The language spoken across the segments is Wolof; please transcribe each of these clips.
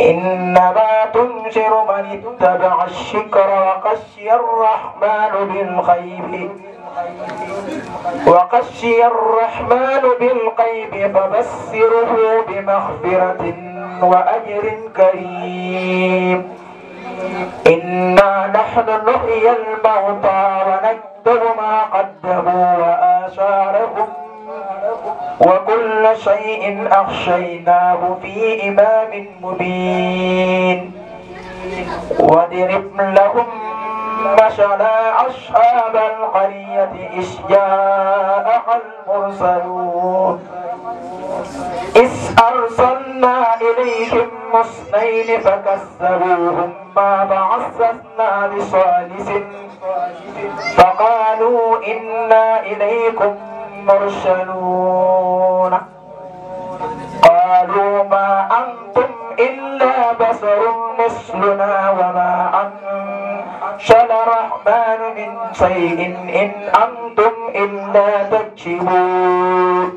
إنما تنذر من اتبع الشكر وخشي الرحمن بالغيب وخشي الرحمن بالغيب فبشره بمغفرة وأجر كريم إنا نحن نحيي الموتى ونكتب ما قدموا وآثارهم وكل شيء أخشيناه في إمام مبين واضرب لهم مثلا أصحاب القرية إذ جاءها المرسلون إذ أرسلنا إليهم مسنين فكذبوهما فعززنا بصالح فقالوا إنا إليكم المرسلون قالوا ما أنتم إلا بشر مثلنا وما أنشل الرحمن من شيء إن أنتم إلا تكذبون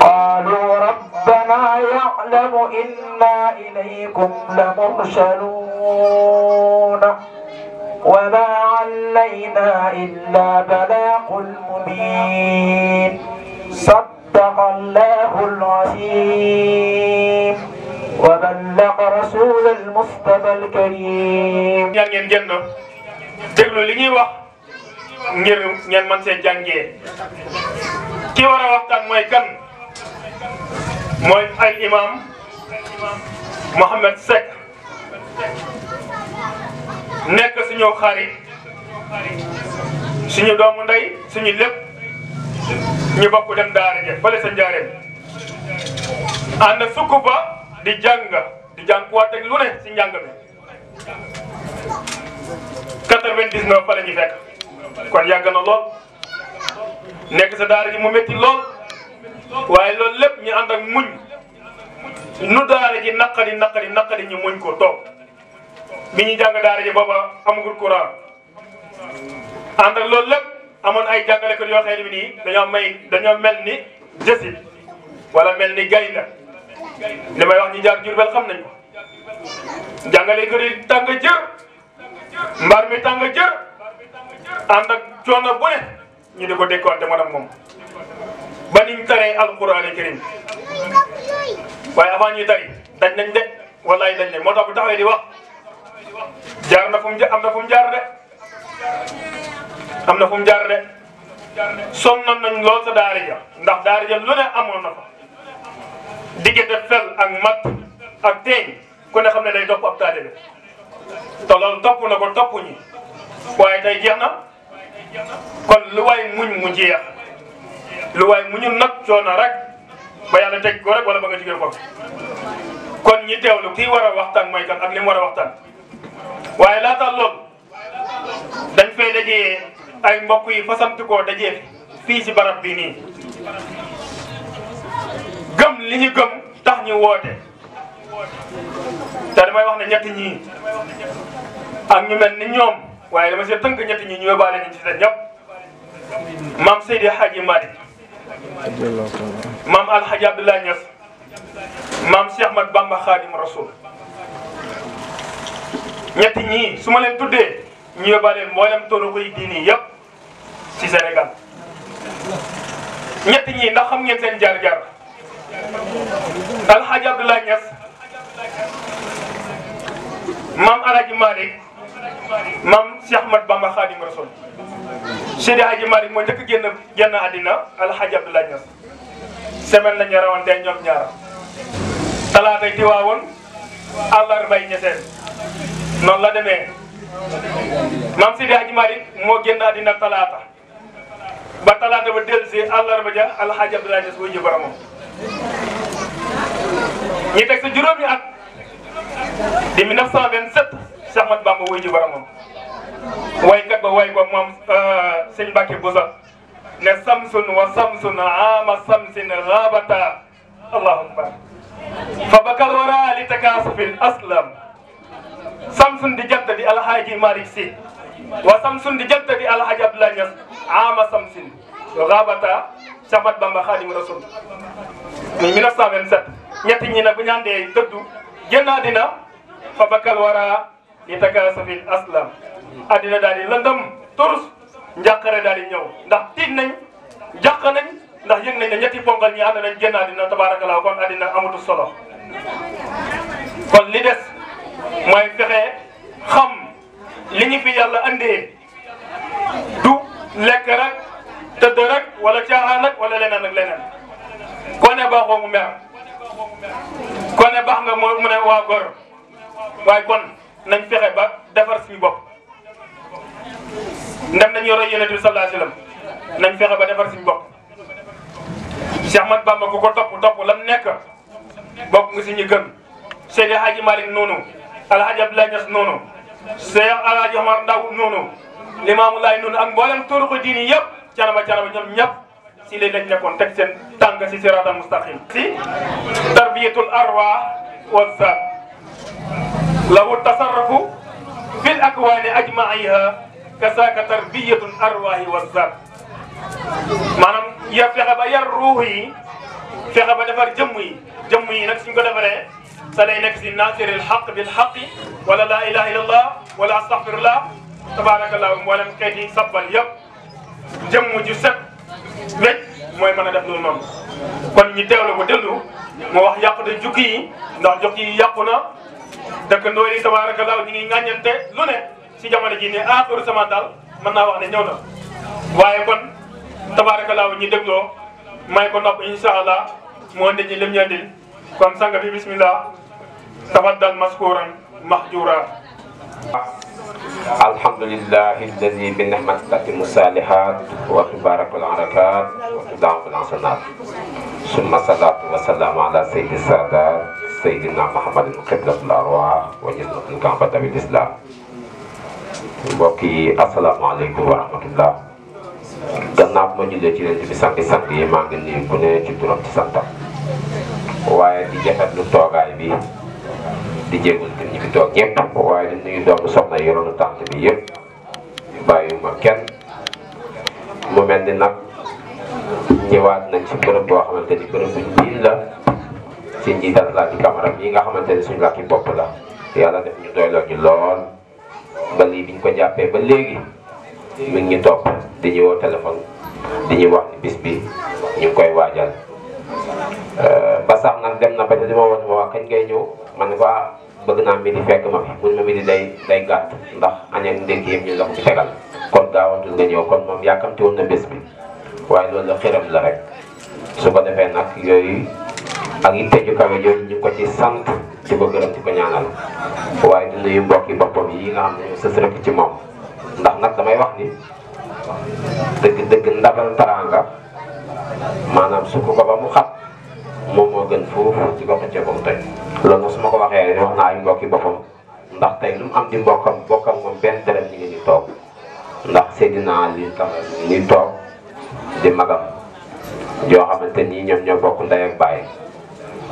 قالوا ربنا يعلم إنا إليكم لمرسلون وما علينا إلا بلاغ المبين صدق الله العظيم وبلغ رسول المصطفى الكريم yaa ngeen jënd déglu li ñuy wax ngir ngeen mën see jàngee ki war a waxtaan mooy kan mooy al imam Mohamed Seck nekk suñu xarit suñu doomu ndey suñu lépp ñu bokk dem daara ja fële sa njaareem ànd sukk ba di jàng di jàng kuwaat ak lu ne si njàng mi 99 fa la ñu fekk kon yàgg na lool nekk sa daara ji mu metti lool waaye lool lépp ñu ànd ak muñ nu daara ji naqari naqari naqari ñu muñ ko toog bi ñuy jàng daara ji booba amagul courant ànd ak loolu lépp amoon ay jàngalekat yoo xam ne nii dañoo may dañoo mel ni jësit wala mel ni gaynda li may wax ñi jaar Jurbel xam nañ ko jàngalekat yi tàng jër mbaar mi tàng jër ànd bu ne ñu di ko dékkoonte man ak moom ba niñ taree alquran al karim waaye avant ñuy tari dañ nañ de wallaay dañ ne moo tax bu taxawee di wax jaar na fu mu ja am na fu mu jaar de am na fu mu jaar de sonnoon nañ lool sa daara ndax daara ja lu ne amoon na ko diggante fel ak mat ak teeñ ku ne xam ne day topp ab taalibe te loolu topp na ko topp ñi waaye tey jeex na kon lu waay muñ mu jeex lu mu muñul nag coono rek ba yàlla teg ko rek wala ba nga jigéen ko kon ñi teewlu kii war a waxtaan mooy kan ak li mu waxtaan waaye laata loolu dañ fay dajee ay mbokk yi fasantikoo dajee fii ci barab bi nii gëm li ñu gëm tax ñu woote te damay wax ne ñetti ñii ak ñu mel ni ñoom waaye dama see tënk ñetti ñii ñu yóbbaale ñu ci sa ñëpp maam Seydi Hadji Malick maam Alhaji Abdoulaye Niass maam Cheikh Ahmad Bamba Khadim Rasoul ñett ñii su ma leen tuddee ñu yóbbaale mboolem toroxu yi diini yëpp ci Sénégal ñett ñi ndax xam ngeen seen jaar-jaar Alxaaji Abdoulaye Niass maam Alaaji Malick maam Cheikh Ahmad Bamba Xaadim Rasul Seydi Hadji Malick moo njëkk génn génn àddina Alxaaji Abdoulaye Niass semaine la ñu rawante ñoom ñaar talaatay Tiwaawoon àllarbay Ñaseen noonu la demee maam Sidi Hadji Malick moo génn àddina talaata ba talaata ba dellusi àllarba ja alxaaji Abdoulaye Niass wuy ji boromam ñi teg si juróomi at di 1927 Cheikh Ahmad Bamba wuy ji boromam waykat ba way ko moom euh, sëñ Mbacke Boussa ne samsun wa samsun ama samsin xaabata allahu akbar fa bakal wara li takaasufil aslam samsun di jant bi alhaaji Malick Sy wa samsun di jant bi alhaaji Abdoulaye Niass ama samsin rabata camat bamba xaadimu rasul muy 1927 ñetti ñi nag bu ñu àndee dëddu génn àddina fa bakkal wara li takaasafil aslam àddina daal di lëndëm turus njàqare daal di ñëw ndax tiit nañ jàq nañ ndax yëg nañ ne ñetti ponkal ñi ànd nañ génn àddina tabaarakalaa kon àddina amatu solo kon li des mooy fexe xam li ñu fi yàlla andee du lekk rek tëdd rek wala caaxaan rek wala leneen ak leneen koo ne baaxoo mu mer koo ne baax mu ne waa gor waaye kon nañ fexe ba defar suñu bopp ndem nañ roy yonent bi sallallahu alayhi wasallam nañ fexe ba defar suñu bopp Cheikh Ahmad Bamba ku ko topp topp lam nekk bokk nga si ñu gëm Seydi Hadji Malick noonu alhaji Abdoulaye Niass noonu Cheikh alhaji Omar Ndaw noonu Limaamu Laay noonu ak mboolem turuqu diini yëpp canaba canaba ñoom ñëpp si lii lañ nekkoon teg seen tànk si siraatal mustaqim si tarbiyatul arwah wa zaat lahu tasarrufu fil akwaani ajmaiha kasaaka tarbiyatul arwahi wa zaat maanaam ya fexe ba yar ruux yi fexe ba defar jëmm yi jëmm yi nag suñ ko defaree sa lay nekk si naasiril xaq bil xaqi wala laa ilaha illallah wala astaghfirullah tabaarakallahu mboolem xeeti sabbal yëpp jëmm ju set wecc mooy mën a def loolu noonu. kon ñi teewlu ba dëndu moo wax de jukki yi ndax jukki yi yàqu na dëkkandoo yi tabaarakallahu ñu ngi ŋàññante lu ne si jamono ji ne ah heureusement daal mën naa wax ne ñëw waaye kon tabaarakallahu ñi dégloo may ko nopp incha allah moo indi lim ñu kon sang bi bismillah tafaddal maskuran mahjura الحمد لله الذي بنعمته تتم الصالحات وتبارك العركات وتدعم الحسنات ثم الصلاة والسلام على سيد السادات سيدنا محمد قبلة الأرواح وجنة الكعبة بالإسلام mbokki asalaamaaleykum wa rahmatullah gannaaw bu ma jullee ci leen bi santi sant yi maa ngi nuyu ku ne ci turam ci santam waaye di jafet lu toogaay bi di jégal kër ñi fi toog yëpp waaye di nuyu doomu soxna yi yoroon tànt bi yëpp bàyyiwuma kenn mu mel ni nag ñëwaat nañ si bërëb boo xamante ni bërëb buñ biin la ci njiital laa ci kamaram yi nga xamante ni suñu làkki bopp la yàlla def ñu doyloo ñu lool ba lii biñ ko jàppee ba léegi mi ngi ñu topp di ñu woo téléphone di ñu wax ni bis bi ñu koy waajal Euh, ba sax nag dem na ba di ma woon kañ ngay ñëw man ne ko ah, bëgg naa midi fekk ma mun ma midi day day gàtt ndax a ak ndékki yëpp ñu la ko fi tegal kon gaawantul nga ñëw kon moom yàkkamti woon na bés bi waaye loolu la xëram la rek su ko defee nag yooyu ak yitte ju kawe yooyu ñu ko ci sant di ko gërëm di ko ñaanal waaye di nuyu mbokki boppam yi nga xam ci moom ndax nag damay wax ni dëgg dëgg ndabal taranga maanaam sukk ko ba mu xat moom moo gën foofu ci bokk ci boppam tey loolu nag su ma ko waxee wax naa ay mbokki boppam ndax lu mu am di mbokkam mbokkam moom benn deret ñi ngi ñu toog ndax Seydina Aliou tam ñuy toog di magam yoo xamante nii ñoom ñoo bokk ndey ak bàyyi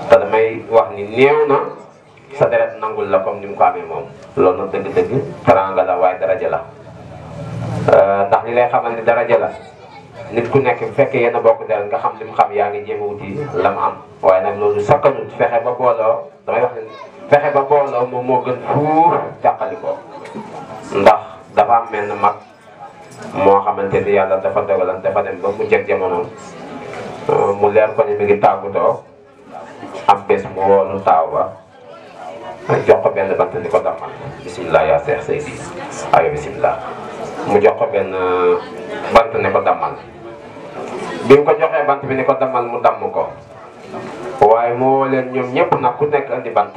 te damay wax ni néew sa deret nangul la comme ni mu ko amee moom loolu nag dëgg-dëgg teraanga la waaye daraja la euh, ndax li lay xamal ni daraja la nit ku nekk bu fekkee yenn bokk del nga xam li xam yaa ngi jéem a wuti la mu am waaye nag loolu sakkanut fexe ba booloo fexe ba booloo moom moo gën fuuf jàqali ko ndax dafa am mel mag moo xamante ni yàlla dafa dogalan dafa dem ba mu jëg jamono euh, mu leer fa ni mi ngi tàggatoo am bés mu woolu taaw ba jox ko benn bant ni ko dammal bisimilah yaa seex seydi ayo bisimilah mu jox ko benn euh, bant ne ko dammal bi mu ko joxee bant bi ni ko damal mu damm ko waaye mu leen ñoom ñëpp nag ku nekk andi bant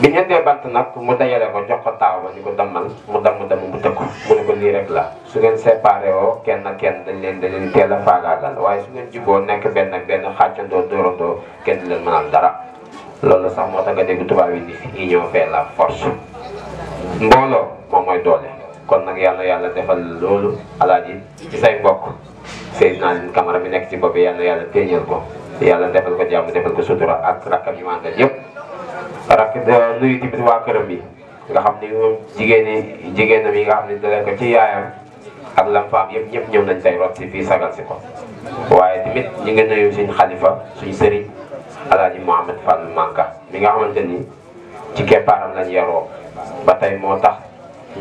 bi ñu andee bant nag mu dajale ko jox ko taaw ba ni ko damal mu damm damm mu tëkk mu ne ko lii rek la su ngeen séparé kenn kenn dañ leen dañ leen teel a faagaagal waaye su ngeen juboo nekk benn ak benn xàccandoo dóorandoo kenn di leen dara loolu sax moo tax nga dégg tubaab yi i union fee la force mbooloo moom mooy doole kon nag yàlla yàlla defal loolu alaaji ci say mbokk Seydina Camara mi nekk ci bopp yal na yàlla téeñal ko yàlla defal ko jàmm defal ko sutura ak rakkam yu àndal yëpp rakk euh, nuyu tamit waa këram bi nga xam ni jigéen ñi jigéen ñi nga xam ne dalee ko ci yaayam ak lam faam yëpp ñëpp ñëw nañ tey rot si fii sagal si ko waaye tamit ñi nga nuyu suñ xalifa suñ sëriñ alaaji Mouhamed Fall Manka mi nga xamante ni ci keppaaram lañ yaroo ba tey moo tax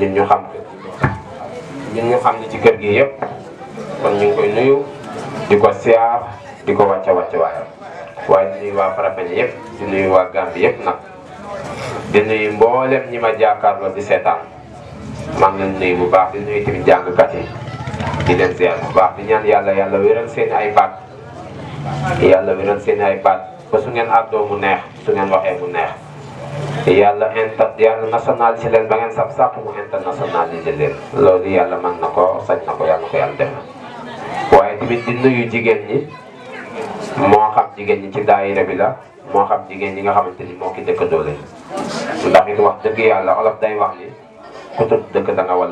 ñu ñu xam ñun ñu xam ni ci kër gi yëpp kon ñu ngi koy nuyu di ko siyaar di ko wàcce wàcce waayam waaye di nuyu waa Farafeñe yëpp di nuyu waa Gambie yëpp nag di nuyu mboolem ñi ma jàkkaarloo di seetaan maa ngi leen nuyu bu baax di nuyu tamit jàngkat yi di leen siyaar bu baax di ñaan yàlla yàlla wéral seen ay baat yàlla wéral seen ay baat ba su ngeen àddoo mu neex su ngeen waxee mu neex yàlla inter yàlla national ci leen ba ngeen saf sàpp mu international ci leen loolu yàlla mën na ko sañ na ko yàlla na ko yàlla def waaye tamit di nuyu jigéen ñi moo xam jigéen ñi ci daayira bi la moo xam jigéen ñi nga xamante ni moo ki dëkk doole ndax it wax dëgg yàlla olof day wax ni ku tudd dëkk da nga wal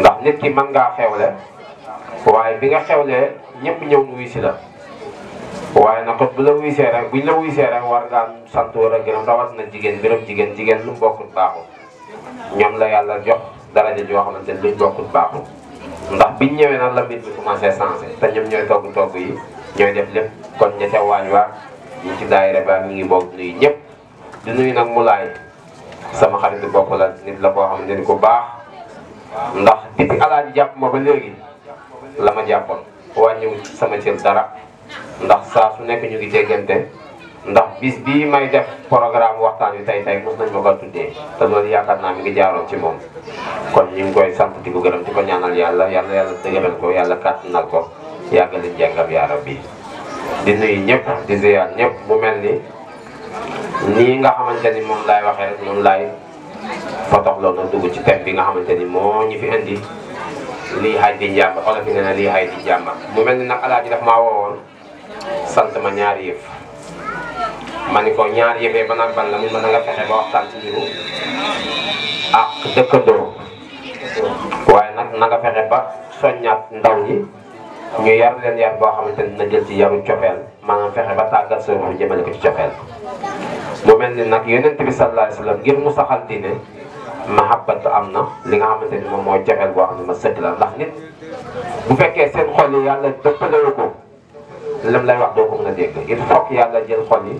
ndax nit ki mën ngaa xewle waaye bi nga xewlee ñëpp ñëw wuy si la waaye nag kon bu la wuy rek buñ la wuy see rek war ngaa sant war a gërëm na jigéen mbiram jigéen jigéen lu mu bokkut baaxul ñoom la yàlla jox daraja joo xamante ni luñ bokkut baaxul ndax bi ñëwee nag la mbir bi commencé changé te ñoom ñooy togg togg yi ñooy def lépp kon ña waañ waa ñu ci daayira ba ñu ngi bokk nuyu ñëpp di nuyu nag mu laay sama xarit bopp la nit la koo xam ne ni ku baax ndax depuis alaaji jàpp ma ba léegi la ma jàppoon wàññiwul sama cër dara ndax saa su nekk ñu ngi déggante ndax bis bii may def programme waxtaan wi tey tey mos nañ ma ko tuddee te loolu yaakaar naa mi ngi jaaroon ci moom kon ñu ngi koy sant di ko gërëm di ko ñaanal yàlla yàlla yàlla dëgëral ko yàlla kàttanal ko yàggali njàngam yaa rabbi di nuyu ñëpp di ñëpp mu mel ni nii nga xamante ni moom laay waxee rek moom laay fotoxloo na dugg ci thème bi nga xamante ni moo ñu fi indi lii xaaj di njàmba olof yi nee na mu mel ni nag alaaji daf maa woowoon sant ma ñaari yëf ma ni ko ñaar yëfee ba ak ban la mu mën a nga fexe ba waxtaan ci jiwu ak dëkkandoo waaye nag na nga fexe ba soññaat ndaw yi ñu yar leen yar boo xamante ne dina jël ci yaru cofeel maanaam fexe ba tàggat soo moom jëmale ko ci cofeel mu mel nag yonent bi sallallahu alayhi wa sallam mu saxal diine mahabbatu am na li nga xamante ni moom moo cofeel boo xam ma sëkk la ndax nit bu fekkee seen xol yi yàlla lu ko lam lay wax doo ko mën a dégg il faut que yàlla jël xol yi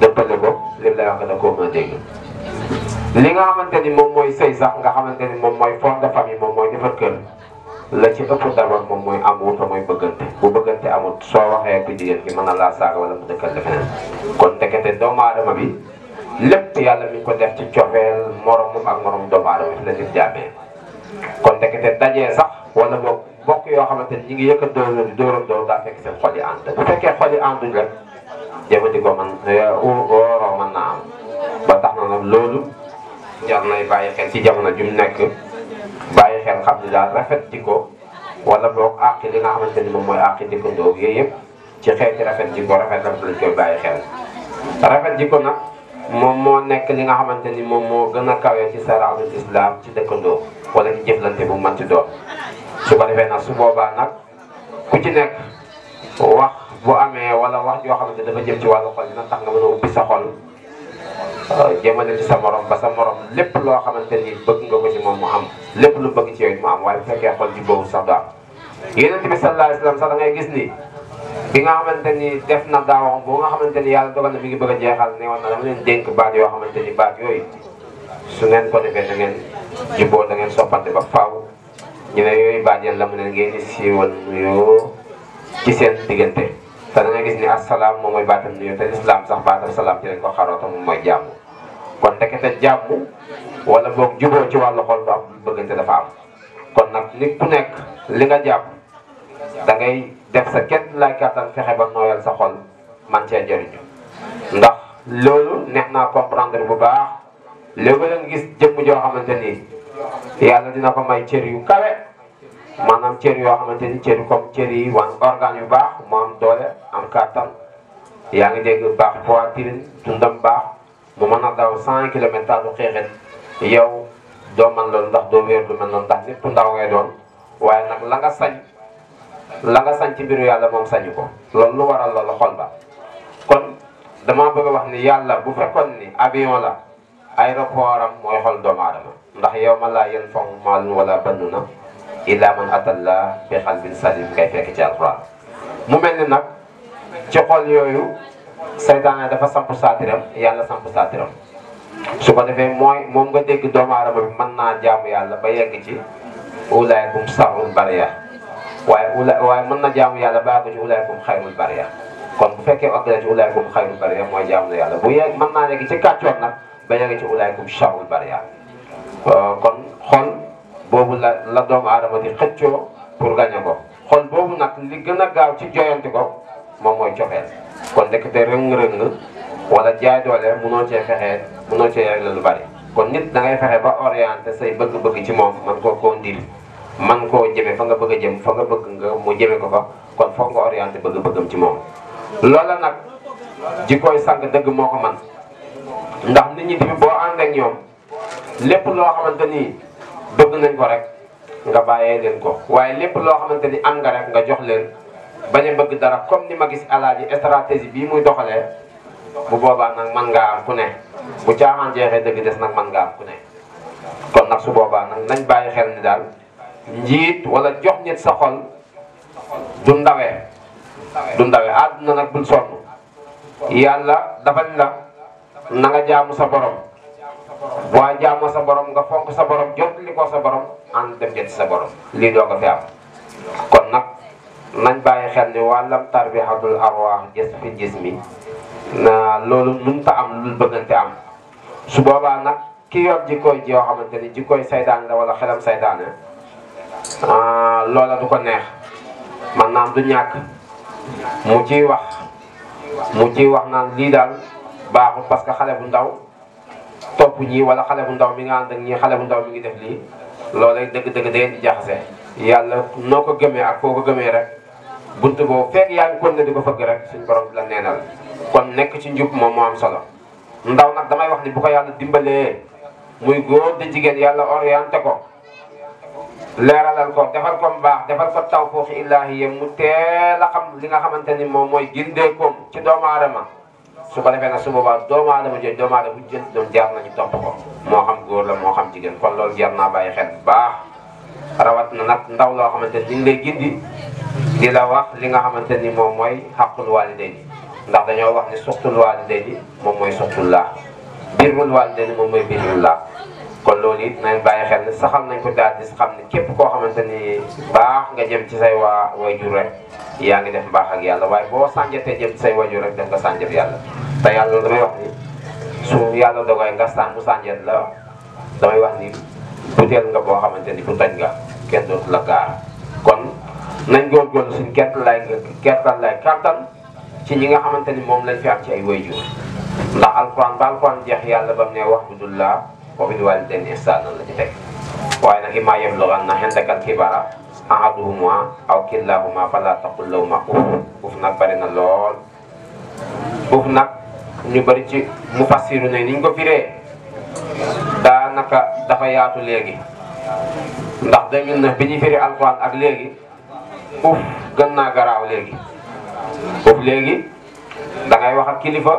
dëppale ko lim la wax koo a dégg li nga xamante ni moom mooy sëy sax nga xamante ni moom mooy forme de famille moom mooy defar kër la ci ëpp d'abord moom mooy amour te mooy bëggante bu bëggante amut soo waxee ku jigéen ki mën na laa saaga wala mu dëkkal feneen kon ndekete doomu aadama bi lépp yàlla mi ko def ci cofeel moromum ak morom doomu aadama fi la nit jaamee kon ndekete dajee sax wala boog bokk yoo xamante ni ñi ngi yëkkat di dóoram dóor daa fekk jëfandikoo man eh, wóoroo mën naa am ba na nag loolu jar nay bàyyi xel ci jamono ju mu nekk bàyyi xel xam ne daal rafet jikko wala boog àq li nga xamante ni moom mooy àq jikko ndóog yooyu yëpp ci xeeti rafet jikko rafet rafet lañ koy bàyyi xel. rafet jiko nag moom moo nekk li nga xamante ni moom moo gën a kawee ci saraatul islam ci dëkkandoo wala ci jëflante bu mën ci doon su ko defee nag su boobaa nag ku ci nekk wax. bu amee wala wax yoo xamante dafa jëm ci wàllu xol dina tax nga mën a ubbi sa xol euh, jëmale ci sa morom ba sa morom lépp loo xamante ni bëgg nga ko ci moom mu am lépp lu bëgg ci yow mu am waaye bu fekkee xol ji boobu sax daal yonent bi sallallahu alayhi wasallam sax da ngay gis ni bi nga xamante ni def na daawam boo nga xamante ni yàlla dogal na mi ngi bëgg a jeexal ne woon na dama leen dénk baat yoo xamante ni baat yooyu su ngeen ko defee da ngeen juboo da ngeen soppante ba faaw ñu ne yooyu baat yàlla mu ne ngeen di siiwal nuyoo ci seen diggante te da ngay gis ni asalaam moom mooy baatam nuyoo te islam sax baatam salaam ci lañ ko xaroo te mooy jàmm kon ndekete jàmm wala boog juboo ci wàllu xol bu am bëggante dafa am kon nag nit ku nekk li nga jàpp da def sa kenn laay kàttan fexe ba nooyal sa xol man cee jëriñu ndax loolu neex naa comprendre bu baax léegi nga gis jëmm joo xamante ni yàlla dina ko may cër yu kawe. maanaam cër yoo xamante ni cër comme cër yi wan organes yu baax mu am doole am kàttan yaa ngi dégg baax poitrine dundam baax bu mën a daw cent kilomètres taatu xeexet yow doo man loolu ndax doo wéer du mel noonu ndax lépp ndaw ngay doon waaye nag la nga sañ la nga sañ ci mbiru yàlla moom sañu ko lool lu waral loolu xol ba kon dama bëgg a wax ni yàlla bu fekkoon ni avion la aéroport am mooy xol doomu aadama ndax yow ma laa yen fong maalun wala bannu na illa man atallah bi qalbin salim kay fekk ci alquran mu mel ni nag ci xol yooyu saytaane dafa samp saatiram yàlla samp saatiram su ko defee mooy moom nga dégg doomu aadama bi mën naa jaamu yàlla ba yegg ci ulaykum saxul bariya waaye ula waaye mën na jaamu yàlla ba àgg ci ulaykum xayrul bariya kon bu fekkee àgg na ci ulaykum xayrul bariya mooy jaamu na yàlla bu yegg mën naa yegg ci kàccoor nag ba yegg ci ulaykum saxul bariya kon xol boobu la doom doomu aadama di xëccoo pour gañe ko xol boobu nag li gën a gaaw ci joyanti ko moom mooy cofeel kon ndekete rëng-rëng wala jaay doole munoo cee fexe munoo cee régler lu bari kon nit da ngay fexe ba orienté say bëgg-bëgg ci moom man koo koo ndil man koo jëme fa nga bëgg a jëm fa nga bëgg nga mu jëme ko fa kon foog nga orienté bëgg-bëggam ci moom loola nag jikkoy sang dëgg moo ko man ndax nit ñi boo ànd ñoom lépp loo xamante nii bëgg nañ ko rek nga bàyyee leen ko waaye lépp loo xamante ni am nga rek nga jox leen bañ a bëgg dara comme ni ma gis alaaji stratégie bii muy doxalee bu boobaa nag man ngaa am ku ne bu caaxaan jeexee dëgg des nag man ngaa am ku ne kon nag su boobaa nag nañ bàyyi xel ni daal njiit wala jox nit sa xol du ndawee du ndawee àdduna nag bul sonn yàlla dafañ la na nga jaamu sa borom waa jaamoo sa boroom nga fonk sa boroom jot li ko sa borom ànd dem jënd sa borom lii doo ko fi am kon nag nañ bàyyi xel ni wàllam tarbihatul arwaax gis fi gis mi na loolu mënta am lu bëggante am su boobaa nag kii yor jikkooy ji yoo xamante ne jikkooy saydaan la wala xelam saydaane ah, loola du ko neex man naam du ñàkk mu ciy wax mu ciy wax naan lii daal baaxul parce que xale bu ndaw topp ñii wala xale bu ndaw mi nga ànd ak xale bu ndaw mi ngi def lii loolu rek dëgg-dëgg day di jaxase yàlla noo ko gëmee ak foo ko gëmee rek bunt boobu fekk yaa ngi kon ne di ko fëgg rek suñ borom di la neenal kon nekk ci njub moom moo solo ndaw nag damay wax ni bu ko yàlla dimbalee muy góor di jigéen yàlla orienté ko leeralal ko defal ko mbaax defal ko tawfiix ilaahi mu teel a xam li nga xamante ni moom mooy gindeekoom ci doomu aadama su ko defee nag su boobaa doomu aadama jooju doomu aadama bu jël doon jaar nañu topp ko moo xam góor la moo xam jigéen kon lool jar naa bàyyi xel baax rawat na nag ndaw loo xamante ni ñu ngi lay gindi di la wax li nga xamante ni moom mooy xaqul waalidayni ndax dañoo wax ni suxtul waalidayni moom mooy suxtullah birrul waalidayni moom mooy birrullah kon loolu it nañ bàyyi xel ne saxal nañ ko daal di xam ne képp koo xamante ni baax nga jëm ci say waa wayjur rek yaa ngi def mbaax ak yàlla waaye boo sànjatee jëm ci say wayjur rek def nga sànjat yàlla te yàlla damay wax ni su yàlla dogoy nga sàn bu sànjat la damay wax ni butéel nga boo xamante ni bu toj nga kenn dootu la gaar kon nañ góorgóorlu si gerte lay la lay kàttan ci ñi nga xamante ni moom lañ fi am ci ay wayjur ndax alquran ba alquran jeex yàlla ba mu ne wax budul laa وبد والدين إحسانا لجتك وأنا إما يبلغن عندك الكبار أحدهما أو كلاهما فلا تقل لهما أوف أوف nag bari na lool أوف nag ñu bari ci mufassiru ne niñ ko firee daanaka dafa yaatu léegi ndax 2009 bi ñu firi alxuraan ak léegi uuf gën naa garaaw léegi uuf léegi dangay ngay kilifa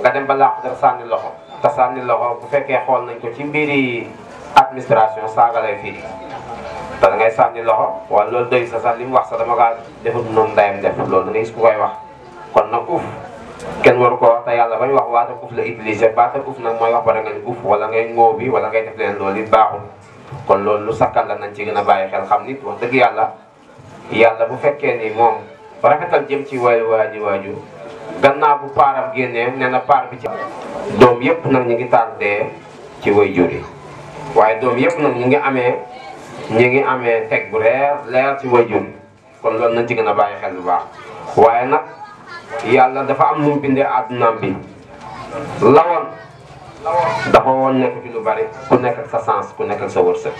nga dem ba laax dara sànni te sànni la ko bu fekkee xool nañ ko ci mbiri administration saaga lay fii te da ngay sànni loxo wala loolu doy sa sax li mu wax sa dama kaa defut noonu ndayam def loolu da ngay gis ku koy wax kon nag uf kenn waru ko wax te yàlla bañ wax la utilisé baata uf nag mooy wax ba da ngay uf wala ngay ngóo bi wala ngay def leen loolu it baaxul kon loolu lu sakkal nañ ci gën a bàyyi xel xam nit dëgg yàlla yàlla bu fekkee ni moom rafetal jëm ci waay waaju waaju gannaaw bu paaram génnee nee na paar bi ci doom yëpp nag ñu ngi tardé ci way jur yi waaye doom yëpp nag ñu ngi amee ñu ngi amee teg bu leer leer ci way kon loolu nañ ci gën a bàyyi xel lu baax waaye nag yàlla dafa am nu mu bindee àddunaam bi lawoon dafa woon nekk ci lu bari ku nekk sa sens ku nekk ak sa wërsëg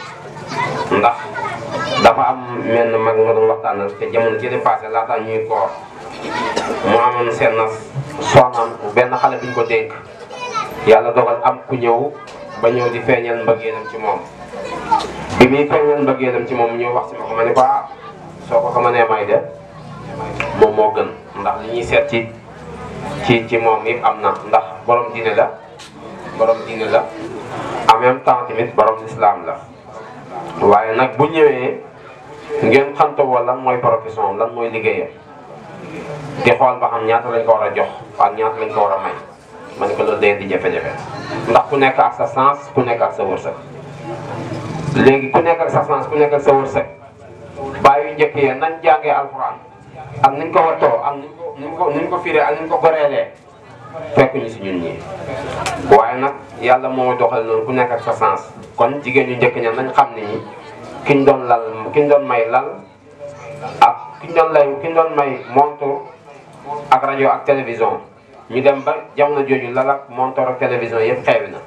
ndax dafa am menn mag nga doon waxtaanal te jamono jële passé laataa ñuy koor mu amoon seen nas soxnaam benn xale bi ñu ko dénk yàlla dogal am ku ñëw ba ñëw di feeñal mbëggeelam ci moom bi muy feeñal mbëggeelam ci moom ñëw wax si ma ko ma ne ko ah, soo ko xamanee may de moom moo gën ndax li ñuy seet ci ci ci moom yëpp am na ndax boroom diine la boroom diine la en même temps tamit borom lislaam la waaye nag bu ñëwee ngeen xamta woo lan mooy profession lan mooy liggéeyam di xool ba xam ñaata lañ ko war a jox ak ñaata lañ ko war a may ma ko loolu day di jafe-jafe ndax ku nekk ak sa sens ku nekk ak sa wërsëg léegi ku nekk ak sa sens ku nekk ak sa wërsëg bàyyi yu njëkk yee nañ jàngee alxuraan ak niñ ko wattoo ak niñ ko ko niñ ko firee ak niñ ko goreelee fekk ñu si ñun ñi waaye nag yàlla moo doxal loolu ku nekk ak sa sens kon jigéen ñu njëkk ña nañ xam ne ñi kiñ doon lal kiñ doon may lal ak ki doon lay ki ñu may montre ak rajo ak télévision ñu dem ba jamono jooju lal ak montre ak télévision yëpp xeewi na.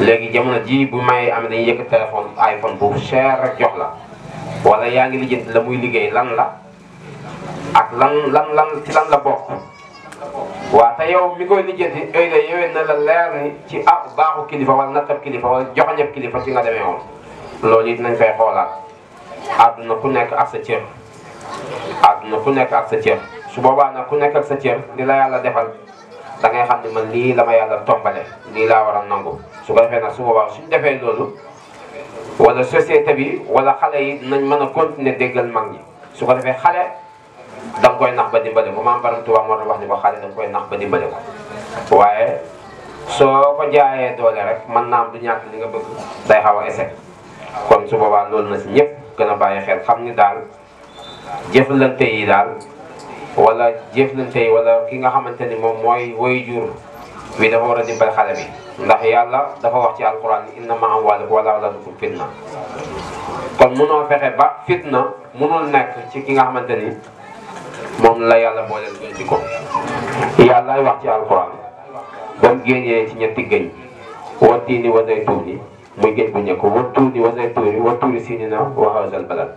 léegi jamono ji bu may amee dañuy yëkk téléphone iPhone bu cher rek jox la wala yaa ngi lijjanti la muy liggéey lan la ak lan lan lan ci lan la bokk. waaw yow mi koy lijjanti yooyu de yowee la leer ni ci ah baaxu kilifa wala nattab kilifa wala joxañab kilifa ci nga demee woon loolu it nañ koy xoolaat àdduna ku nekk ak sa cër. at na ku nekk ak sa cër su boobaa nag ku nekk ak sa cër li la yàlla defal da ngay xam ne man lii la ma yàlla tombale lii laa war a nangu su ko defee nag su boobaa suñ defee loolu wala société bi wala xale yi nañ mën a continuer déggal mag ñi su ko defee xale da koy nax ba dimbale ko maam Borom Tuubaa moo doon wax ni ko xale da koy nax ba dimbale ko waaye soo ko jaayee doole rek mën naa am du ñàkk li nga bëgg day xaw a échec kon su boobaa loolu na si ñëpp gën a bàyyi xel xam ni daal. jëflante tey daal wala jëflante yi wala ki nga xamante ni moom mooy woy jur wi dafa war a dimbal xale bi ndax yàlla dafa wax ci alquran innama amwaalukum wala awlaadukum fitna kon mënoo fexe ba fitna mënul nekk ci ki nga xamante ni moom la yàlla booleel gën ci ko yàllaay wax ci alquran ba mu ci ñetti gëñ wa tiini wa zaytuuni muy gëñ bu njëkk wa tuuni wa zaytuuni wa tuuri siiniina wa haazal balad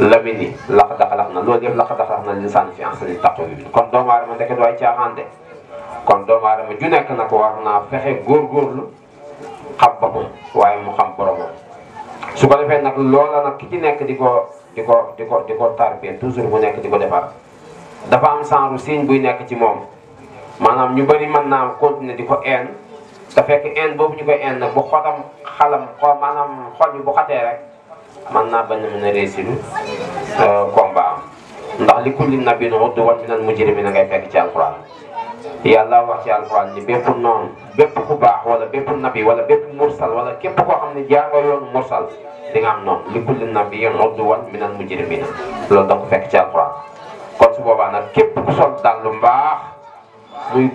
lami ni laq daxalax na loolu yëpp laq daxalax na lisaan fi ansani taqwa bi kon doomu aadama ndeke du ay caaxaan de kon doomu aadama ju nekk nag war naa fexe xab xam boppam waaye mu xam boromam su ko defee nag loola nag ki ci nekk di ko di ko di ko di ko tarbiya toujours mu nekk di ko defar dafa am sanru signe buy nekk ci moom maanaam ñu bari mën naa continuer di ko een te fekk een boobu ñu koy een nag bu xotam xalam maanaam xol mi bu xatee rek man naa ba bañ a mën ndax réussir euh, combat am ndax li kulli nabiyyin aduwwan minal na ngay fekk ci alxuraan yàlla wax ci alxuraan ni bépp noonu bépp ku baax wala bépp nabi wala bépp mursal wala képp koo xam ne jaar nga yoonu mursal di nga am noonu li kulli nabiyyin aduwwan minal mujrimiina loolu da nga ko fekk ci alxuraan kon su boobaa nag képp ku sol daal lu mbaax muy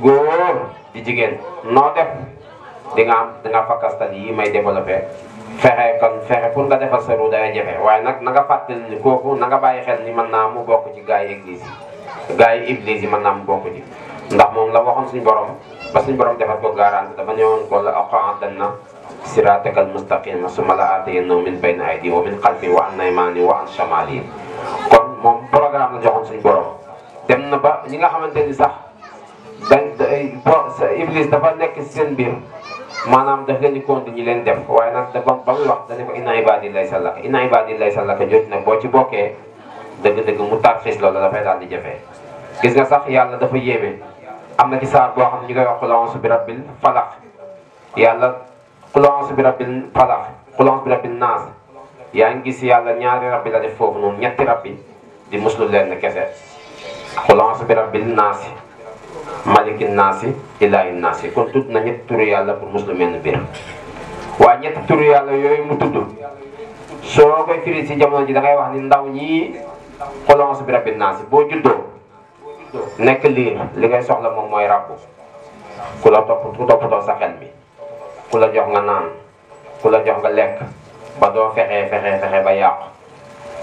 di jigéen noo def am di nga yi may développé. fexe kon fexe pour nga defal sa a day jafe waaye nag na nga fàttali ni kooku nga bàyyi xel ni mën naa mu bokk ci gaa yi église yi gaa yi église naa mu bokk ci ndax moom la waxoon suñu borom ba suñu borom defal ko garanti dafa ñëwoon ko la aqa'adanna siraataka al-mustaqima summa la aatiyannahum min bayni aydihim wa min xalfihim wa an aymanihim wa an shamalihim kon moom programme la joxoon suñu borom dem na ba ñi nga xamante ni sax dañ iblis dafa nekk seen biir maanaam daf leen di continuer leen def waaye nag da ba muy wax da ne ko inna ibadillahi sallaka inna ibadillahi sallaka jooju nag boo ci bokkee dëgg-dëgg mu tarxiis loolu dafay daal di jafe gis nga sax yàlla dafa yéeme am na ci saar boo xam ñu koy wax qul a'uuzu bi rabbil falaq yàlla qul a'uuzu bi rabbil falaq qul a'uuzu bi rabbin naas yaa ngi gis yàlla ñaari rabbi la def foofu noonu ñetti rabbi di muslu leen kese qul a'uuzu bi rabbin maliki naasi ilaahi naasi kon tudd na ñetti turu yàlla pour mos la mel ni biir waaye ñetti turu yàlla yooyu mu tudd soo koy firi si jamono ji da wax ni ndaw ñii xolonse bi rabbi naasi boo juddoo nekk liir li ngay soxla moom mooy rabbu ku la topp ku toppatoo ku la jox nga naan ku la jox nga lekk ba doo fexe fexe fexe ba yàqu.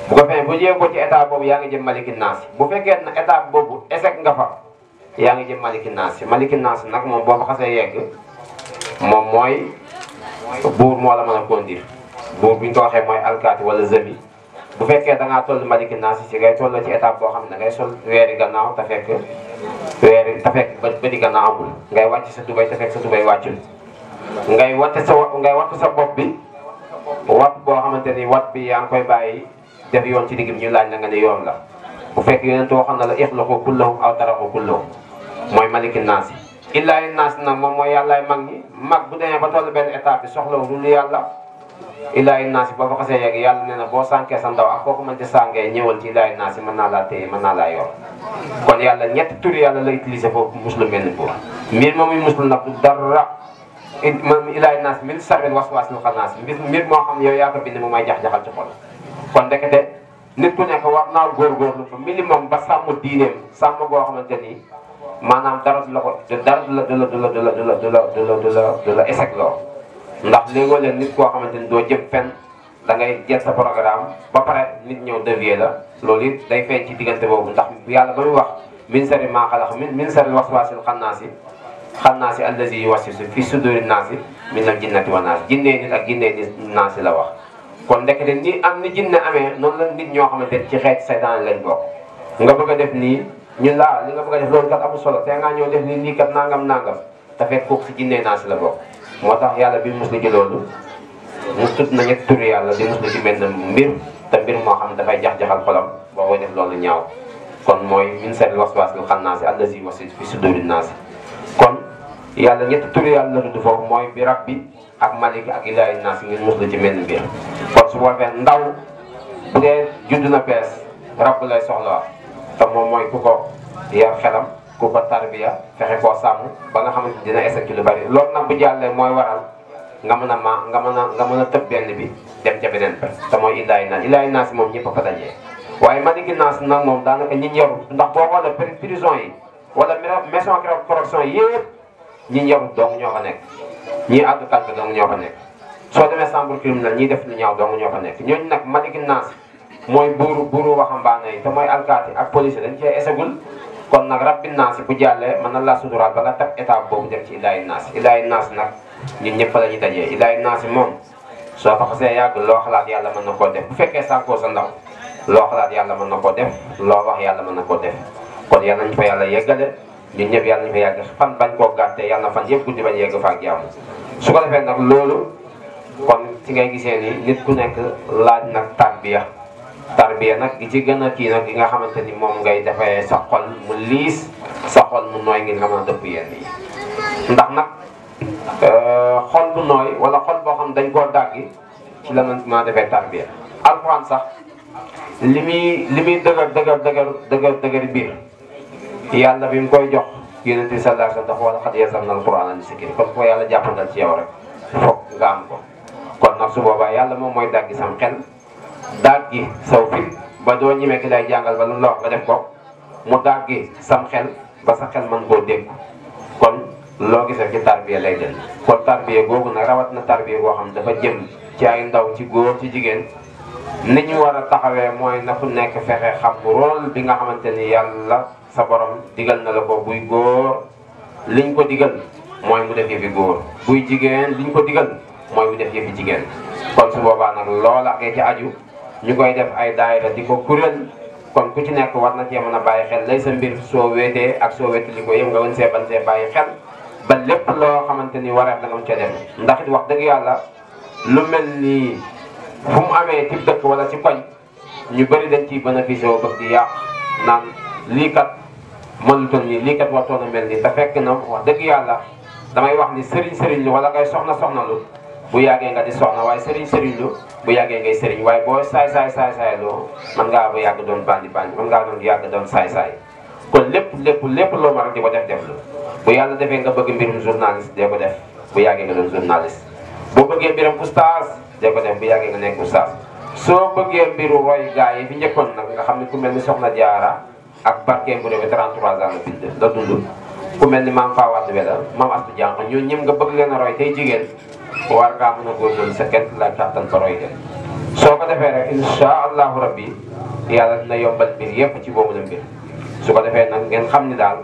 bu ko bu ñëwee ko ci état boobu yaa ngi jëm maliki naasi bu fekkee na état boobu échec nga fa. yaa ngi jëm maliki naas yi maliki naas nag moom boo fa xasee yegg moom mooy buur moo la mën a conduire buur bi ñu mooy alkaati wala zëmi bu fekkee da ngaa toll maliki naas yi si ngay toll ci étape boo xam ne ngay sol weeri gannaaw te fekk weeri te fekk bëri gannaaw amul ngay wàcc sa tubay te fekk sa tubay wàccul ngay watt sa ngay watt sa bopp bi watt boo xamante ni wat bi yaa ngi koy bàyyi def yoon ci digg ñu laaj la nga ne yoon la bu fekk yonent waxoon na la ixlaqu kullahum aw taraku kullahum mooy maliki naas yi illaahi naas nag moom mooy yàllaay mag ñi mag bu demee ba toll benn étape bi soxlawu dul yàlla illaahi naas yi boo fa xasee yegg yàlla nee na boo sànkee sa ndaw ak kooku mën ci sàngee ñëwal ci illaahi naas yi mën naa laa téye mën naa laa yor kon yàlla ñetti tur yàlla la utilisé foofu muslim mel ni pour mbir moomuy muslim na du dara man illaahi naas min sarril waswaasil xannaas mbir moo xam yow yaa ko bind moom mooy jax nit ku nekk war naa góorgóorlu ba minimum ba sàmm diineem sàmm goo xamante ni maanaam dara du la ko dara du la du la du la du la du la du la du la du la du la échec loo ndax léegoo leen nit koo xamante ni doo jëm fenn da ngay jël sa programme ba pare nit ñëw dévier la loolu it day feeñ ci diggante boobu ndax yàlla ba muy wax min sari maa xalax min min sari waswaasil xannaasi xannaasi allazi yuwaswisu fi suduri naasi minal jinnati wa naas jinnee nit ak jinnee nit naasi la wax kon ndekete ni am ni jinne amee noonu la nit ñoo xamante ci xeet saytaan lañ bokk nga bëgg a def nii ñun laa li nga bëgg a def loolu kat amul solo te ngaa nii lii kat nangam nangam te fekk kooku si jinne la bokk tax yàlla bi mos la ci loolu mu na ñett turu yàlla di mos la mbir te mbir moo xam dafay jax-jaxal xolam boo koy def loolu ñaaw kon mooy min sarril waswaasil xannaas allazi yuwaswisu fi suduurin naas kon yàlla ñett turu yàlla la tudd foofu mooy bi rab bi ak Malick ak Ilaah Nass ngeen muslu ci mel mbir kon su boobee ndaw bu dee judd na rab lay soxla te mooy ku ko yar xelam ku ko tarbiya fexe koo sàmm ba nga xamante dina esek ci lu bari loolu nag bu jàllee mooy waral nga mën a ma nga mën a nga mën a tëb benn bi dem ca beneen ba te mooy Ilaah Nass Ilaah Nass moom ñëpp a fa dajee waaye Malick Nass nag moom daanaka ñi yaru ndax boo xoolee prison yi wala maison de correction yëpp ñi yaru dong ñoo fa ñii ànd tànk dong ñoo fa nekk soo demee chambre criminelle ñii def lu ñaaw dong ñoo fa nekk ñooñu nag Malick Nass mooy buuru buuru waxambaane yi te mooy alkaati ak police dañ cee esegul kon nag rabbi naas bu jàllee mën na laa suturaal ba nga tag étape dem ci ilaayi naas ilaayi naas nag ñun ñëpp la ñuy dajee ilaayi naas moom soo fa xasee yàgg loo xalaat yàlla mën na koo def bu fekkee sànkoo sa ndaw loo xalaat yàlla mën na koo def loo wax yàlla mën na koo def kon yal nañ fa yàlla yeggale ñun ñëpp yàlla ñu fa yàgg fan bañ koo gàttee yàlla fan yëpp guddi bañ yegg fa ak jàmm su ko defee nag loolu kon ci ngay gisee ni nit ku nekk laaj nag tarbiya tarbiya nag gi ci gën a kii nag gi nga xamante ni moom ngay defee sa xol mu liis sa xol mu nooy ngir nga mën a dëpp yenn yi ndax nag euh, xol bu nooy wala xol boo xam dañ koo dàggi ci la mën defee tarbiya alxuraan sax li muy li muy dëgër dëgër dëgër dëgër dëgër yàlla bi mu koy jox yonent bi sallallahu alayhi wa sallam dafa wala xat yasanna alquran kon ko yàlla jàppandal ci yow rek foog nga am ko kon nag su boobaa yàlla moom mooy daggi sam xel daggi saw fi ba doo jàngal ba lu ko mu daggi sam xel ba sa xel mën koo dégg kon loo gisee ci tarbiya lay dem kon tarbiya googu na rawat na tarbiya boo xam dafa jëm ci ay ndaw ci góor ci jigéen ni ñu war a taxawee mooy na ku nekk fexe xam rôle bi nga xamante ni yàlla sa borom digal na la ko buy góor liñ ko digal mooy mu def yëfi góor buy jigéen liñ ko digal mooy mu def yëfi jigéen kon su boobaa nag loola ak ci aju ñu koy def ay daayira di ko kuréel kon ku ci nekk war na cee mën a bàyyi xel lay sa mbir soo weetee ak soo weete ko yëpp nga wan see ban see bàyyi xel ba lépp loo xamante ni wareef la nga mën dem def ndax it wax dëgg yàlla lu mel nii fu mu amee ci dëkk wala ci koñ ñu bëri dañ ciy bénéficié wu bëgg di yàq naan mën lu toll nii lii kat wartoon a mel nii te fekk na wax dëgg yàlla damay wax ni sëriñ sëriñ lu wala ngay soxna soxna lu bu yàggee nga di soxna waaye sëriñ sëriñ lu bu yàggee ngay sëriñ waaye boo saay saay saay saay loo mën ngaa ba yàgg doon bandi bandi mën ngaa doon yàgg doon saay saay kon lépp lépp lépp loo mën di ko def def lu bu yàlla defee nga bëgg mbirum journaliste bu yàggee nga doon journaliste boo bëggee mbirum oustaz dee ko def bu yàggee nga nekk oustaz soo bëggee mbiru roy gaa yi fi njëkkoon nag nga xam ne ku mel ni soxna jaara ak barkeem bu demee 33 ans la fi la dund ku mel ni maam Fawade Wela maam Astou Diankh ñooñu ñëpp nga bëgg leen a roy tey jigéen war ngaa mën a góorgóorlu sa kent la kàttan ba soo ko defee rek insha allahu rabbi yàlla dina yombal mbir yépp ci boobu la mbir su ko defee nag ngeen xam ni daal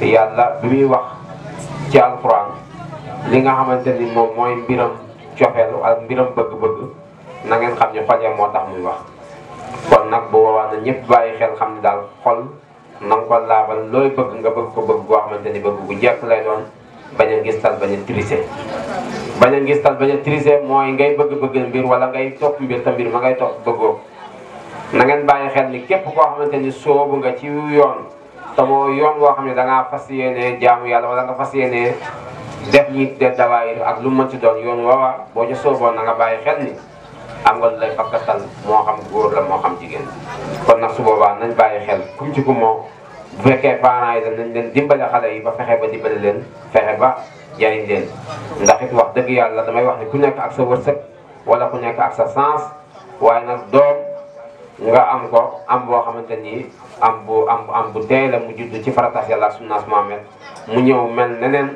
yàlla bi muy wax ci alquran li nga xamante ni moom mooy mbiram cofeelu ak mbiram na ngeen xam ni xoolee moo tax muy wax kon nag bu boobaa na ñëpp bàyyi xel xam ni daal. xol na nga ko laabal looy bëgg nga bëgg ko bëgg goo xamante ni bëgg bu jekk lay doon bañ a gis tal bañ a trisé bañ a gis tal bañ a mooy ngay bëgg-bëgg mbir wala ngay topp mbir te mbir ma ngay topp bëggoo na ngeen bàyyi xel ni képp koo xamante ni soobu nga ci yoon te yoon woo xam ne dangaa fas yéenee jaamu yàlla wala nga fas yéenee def ñi de dawaayir ak lu mën ci doon yoon woowa boo ca sooboon na nga bàyyi xel ni àngal lay fakkatal moo xam góor la moo xam jigéen kon nag su boobaa nañ bàyyi xel kum ci moo bu fekkee parents yi dañ leen dimbale xale yi ba fexe ba dimbale leen fexe ba jariñ leen ndax it wax dëgg yàlla damay wax ni ku nekk ak sa wërsëg wala ku nekk ak sa sens waaye nag doom nga am ko am boo xamante ni am bu am am bu tey la mu judd ci farataas yàlla ak sunnaas mu ñëw mel neneen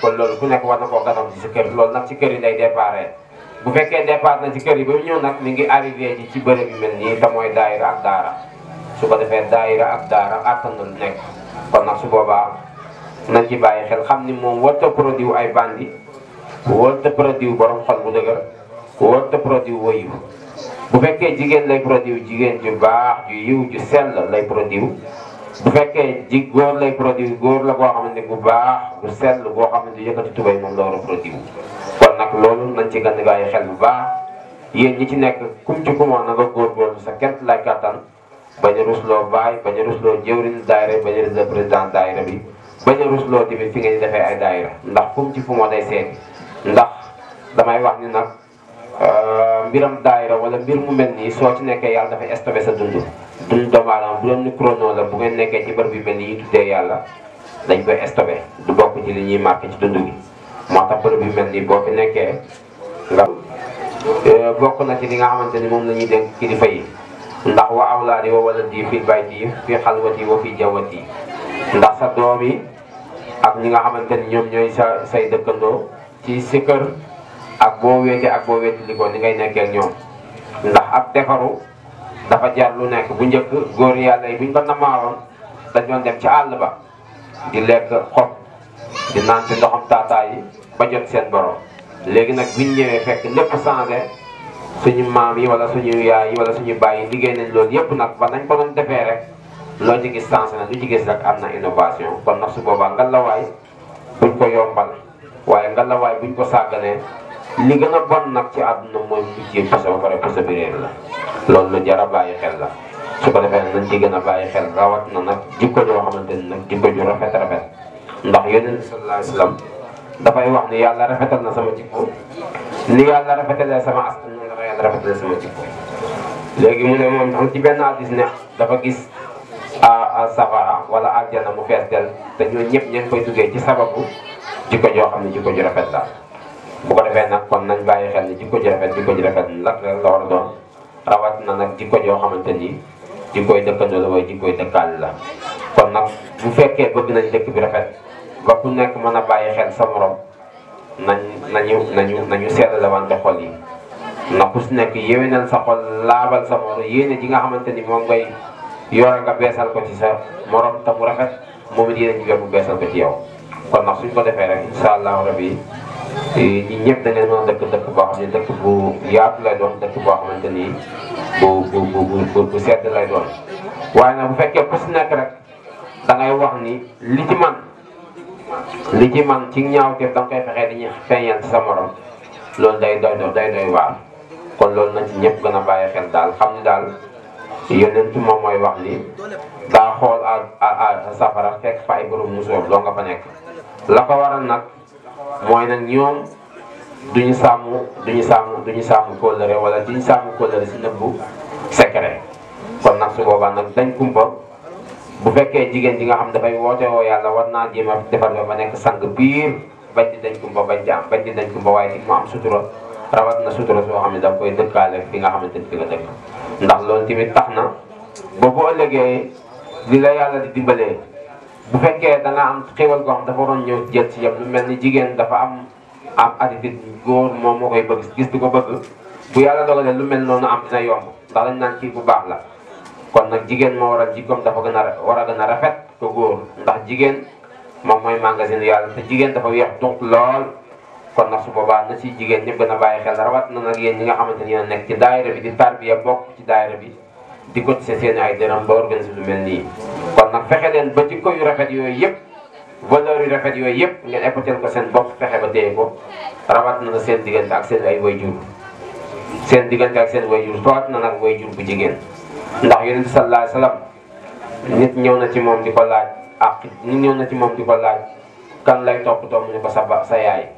kon loolu ku nekk war na koo ganam ci sa kër loolu nag ci kër yi lay déparé bu fekkee départ na ci kër yi ba mu ñëw nag mi ngi arrivé ci ci bërëb yu mel nii te mooy daayira ak daara su ko defee daayira ak daara àttan na nekk kon nag su boobaa nañ ci bàyyi xel xam ni moom warta produit ay bandi warta produit borom xol bu dëgër warta produit wayu bu fekkee jigéen lay produit jigéen ju baax ju yiw ju sell lay produit bu fekkee ji góor lay produit góor la boo xamante bu baax bu seetlu boo xamante yëkkati tubay moom la war a produit kon nag loolu nañ ci gën a bàyyi xel bu baax yéen ñi ci nekk kum ci kumoon na nga góorgóorlu sa kent lay kattan bañ a rusloo baay bañ a rusloo jëwriñ daayira bañ a rusloo bi bañ a rusloo tamit fi nga ñu defee ay daayira ndax kum ci kumoo day seet ndax damay wax ni nag Euh, mbiram daayira wala mbir mu mel nii soo ci nekkee yàlla dafay stoppé sa dund dund doomu bu doon ni chrono la bu ngeen nekkee ci bërëb bi mel ni yi tuddee yàlla dañ koy stoppé du bokk ci li ñuy marqué ci dund gi moo tax bërëb bi mel nii boo fi nekkee nga euh, bokk na ci li nga xamante ni moom la ñuy dénk kilifa yi ndax wa awlaadi wa waladi fil bayti fi xalwati wa fi ndax sa doom bi ak ñi nga xamante ni ñoom ñooy sa say dëkkandoo ci si ak boo wéetee ak boo wéeti li ni ngay nekkee ñoom ndax ak defaru dafa jar lu nekk bu njëkk góor yàlla yi buñ ko namaaroon dañ doon ci àll ba di lekk xob di naan ci ndoxam taataa yi ba jot seen borom léegi nag buñ ñëwee fekk lépp changé suñu maam yi wala suñu yaay yi wala suñu baay yi liggéey nañ loolu yëpp nag ba nañ ko doon defee rek loo ci gis changé na lu ci gis rek am na innovation kon na su boobaa ngalawaay buñ ko yombal waaye ngalawaay buñ ko sàgganee li gën a bon nag ci àdduna mooy mujjee posé ba pare posé bi réer la loolu lu jar a bàyyi xel la su ko defee nañ ci gën a bàyyi xel rawat na nag jikko joo xamante ni nag jikko ju rafet rafet ndax yonent sallallahu alayhi wasallam dafay wax ni yàlla rafetal na sama jikko ni yàlla rafetalee sama askan noonu la ko yàlla rafetalee sama jikko léegi mu ne moom ci benn hadiis ne dafa gis a safara wala aljana mu fees del te ñooñu ñëpp ña ngi koy duggee ci sababu jikko joo xam ne jikko ju rafet la bu ko defee nag kon nag bàyyi xel ni jikko ji rafet jikko ji rafet lak la war a doon rawat na nag jikko joo xamante ni jikkoy dëkkandoo la waaye jikkoy dëkkaale la kon nag bu fekkee bëgg nañ dëkk bi rafet ba ku nekk mën a bàyyi xel sa nañ nañu nañu nañu seetlu la wante xol yi na ku si nekk yéwénal sa xol laabal sa morom yéene ji nga xamante ni moom koy yore nga beesal ko ci sa morom te mu rafet moom it yéene ji yor mu beesal ko ci yow kon nag suñ ko defee rek incha allahu rabi ñi ñëpp da ngeen doon dëkk dëkk boo xam ne dëkk bu yaatu lay doon dëkk boo xamante ni bu bu bu bu sedd lay doon waaye nag bu fekkee ku si nekk rek da wax ni li ci man li ci man ci ñaaw def da nga koy fexee dañuy feeñal day doy day doy waar kon loolu nañ ci ñëpp gën a bàyyi xel daal xam ni daal yonent moom mooy wax ni daa xool a a safara fekk fa ay borom musóor nga fa nekk la waral nag mooy nag ñoom duñu sàmm duñu sàmm duñu sàmm kóllëre wala duñu sàmm kóllëre si nëbbu secret kon nag su boobaa nag dañ kumpa bu fekkee jigéen ji nga xam dafay woote woo yàlla war naa jéem a defar ba nekk sang biir bañ di dañ kumpa bañ di am bañ di dañ kumpa waaye ci mu am sutura rawat na sutura soo xam ne daf koy dëkkaale fi nga xam ni fi la dëkk ndax loolu tamit tax na boobu ëllëgee li la yàlla di dimbalee bu fekkee da nga am xéwal goo xam dafa waroon ñëw jël ci yow lu mel ni jigéen dafa am am attitude góor moom moo koy bëgg gis di ko bëgg bu yàlla dogalee lu mel noonu am dina yomb ndax dañ naan kii bu baax la kon nag jigéen moo waral jikkoom dafa gën a war a gën rafet ko góor ndax jigéen moom mooy magasin yàlla te jigéen dafa weex duq lool kon na su boobaa na si jigéen ñëpp gën a bàyyi xel rawat na nag yéen ñi nga xamante ni yéen nekk ci daayira bi di tarbiya bokk ci daayira bi di cotiser seen ay dërëm ba organiser lu mel nii kon na fexe leen ba di ko yu rafet yooyu yëpp valeur yu rafet yooyu yëpp ngeen écouter ko seen bopp fexe ba téye ko rawat na seen diggante ak seen ay way jur seen diggante ak seen way jur rawat na nag way bu jigéen ndax yonent sallallahu alayhi wasallam nit ñëw na ci moom di ko laaj nit ñëw na ci moom di ko laaj kan lay toppatoo mu ne ko sa ba sa yaay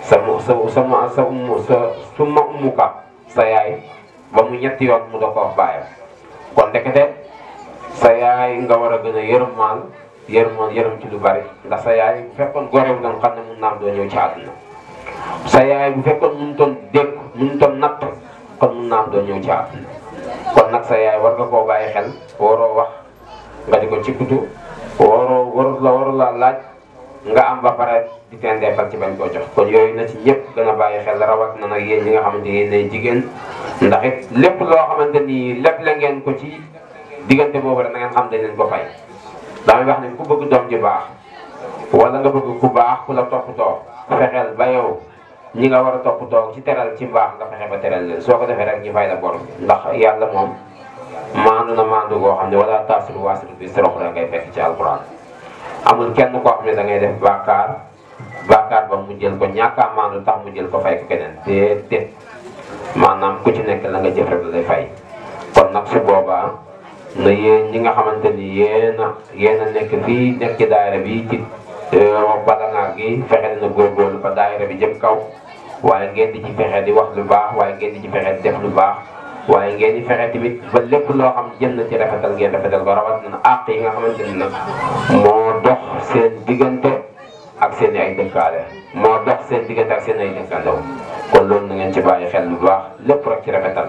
sa mu sa sa sa sa ummu sa suma ummuka sa yaay ba mu ñetti yoon mu doog ko wax kon ndekete sa yaay nga war a gën a yërëmaal yërëmaal yërëm lu bari ndax sa yaay bu fekkoon gorewu doon xam ne mun naam doo ñëw ci àdduna sa yaay bu fekkoon mun toon dégg mun toon natt kon mun naam doo ñëw ci àdduna kon nag sa yaay war nga koo bàyyi xel waroo wax nga di ko cikutu waroo warut la la laaj nga am ba pare di teen defal ci bañ boo jox kon yooyu na ci ñëpp gën a bàyyi xel rawat na nag yéen ñi nga xamante yéen ay jigéen ndax it lépp loo xamante ni lépp la ngeen ko ci diggante boobu rek na ngeen xam dañ leen ko fay damay wax ne ku bëgg doom ji baax wala nga bëgg ku baax ku la toppatoo fexeel ba yow ñi nga war a toppatoo ci teral ci mbaax nga fexe ba teral leen soo ko defee rek ñu fay la bor ndax yàlla moom maandu na maandu goo xam ne wala taasul waasul bi sorox la ngay fekk ci alquran amul kenn ko xam ne da ngay def bàkkaar bàkkaar ba mu jël ko ñàkk a maandu tax mu jël ko fay maanaam ku ci nekk la nga jëf rek la lay fay kon nag su boobaa na yéen ñi nga xamante ni yéen a yéen a nekk fii nekk ci daayira bi ci euh, balanaar gi fexe na góorgóorlu ba daayira bi jëm kaw waaye ngeen di ci fexe di wax lu baax waaye ngeen di ci fexe di def lu baax waaye ngeen di fexe tamit ba lépp loo xam jën na ci rafetal ngeen rafetal ko rawatina àq yi nga xamante ni nag moo dox seen diggante ak seen ay dëkkaale moo dox seen diggante ak seen ay dëkkandaw kon loolu na ngeen ci bàyyi xel bu baax lépp rek ci rafetal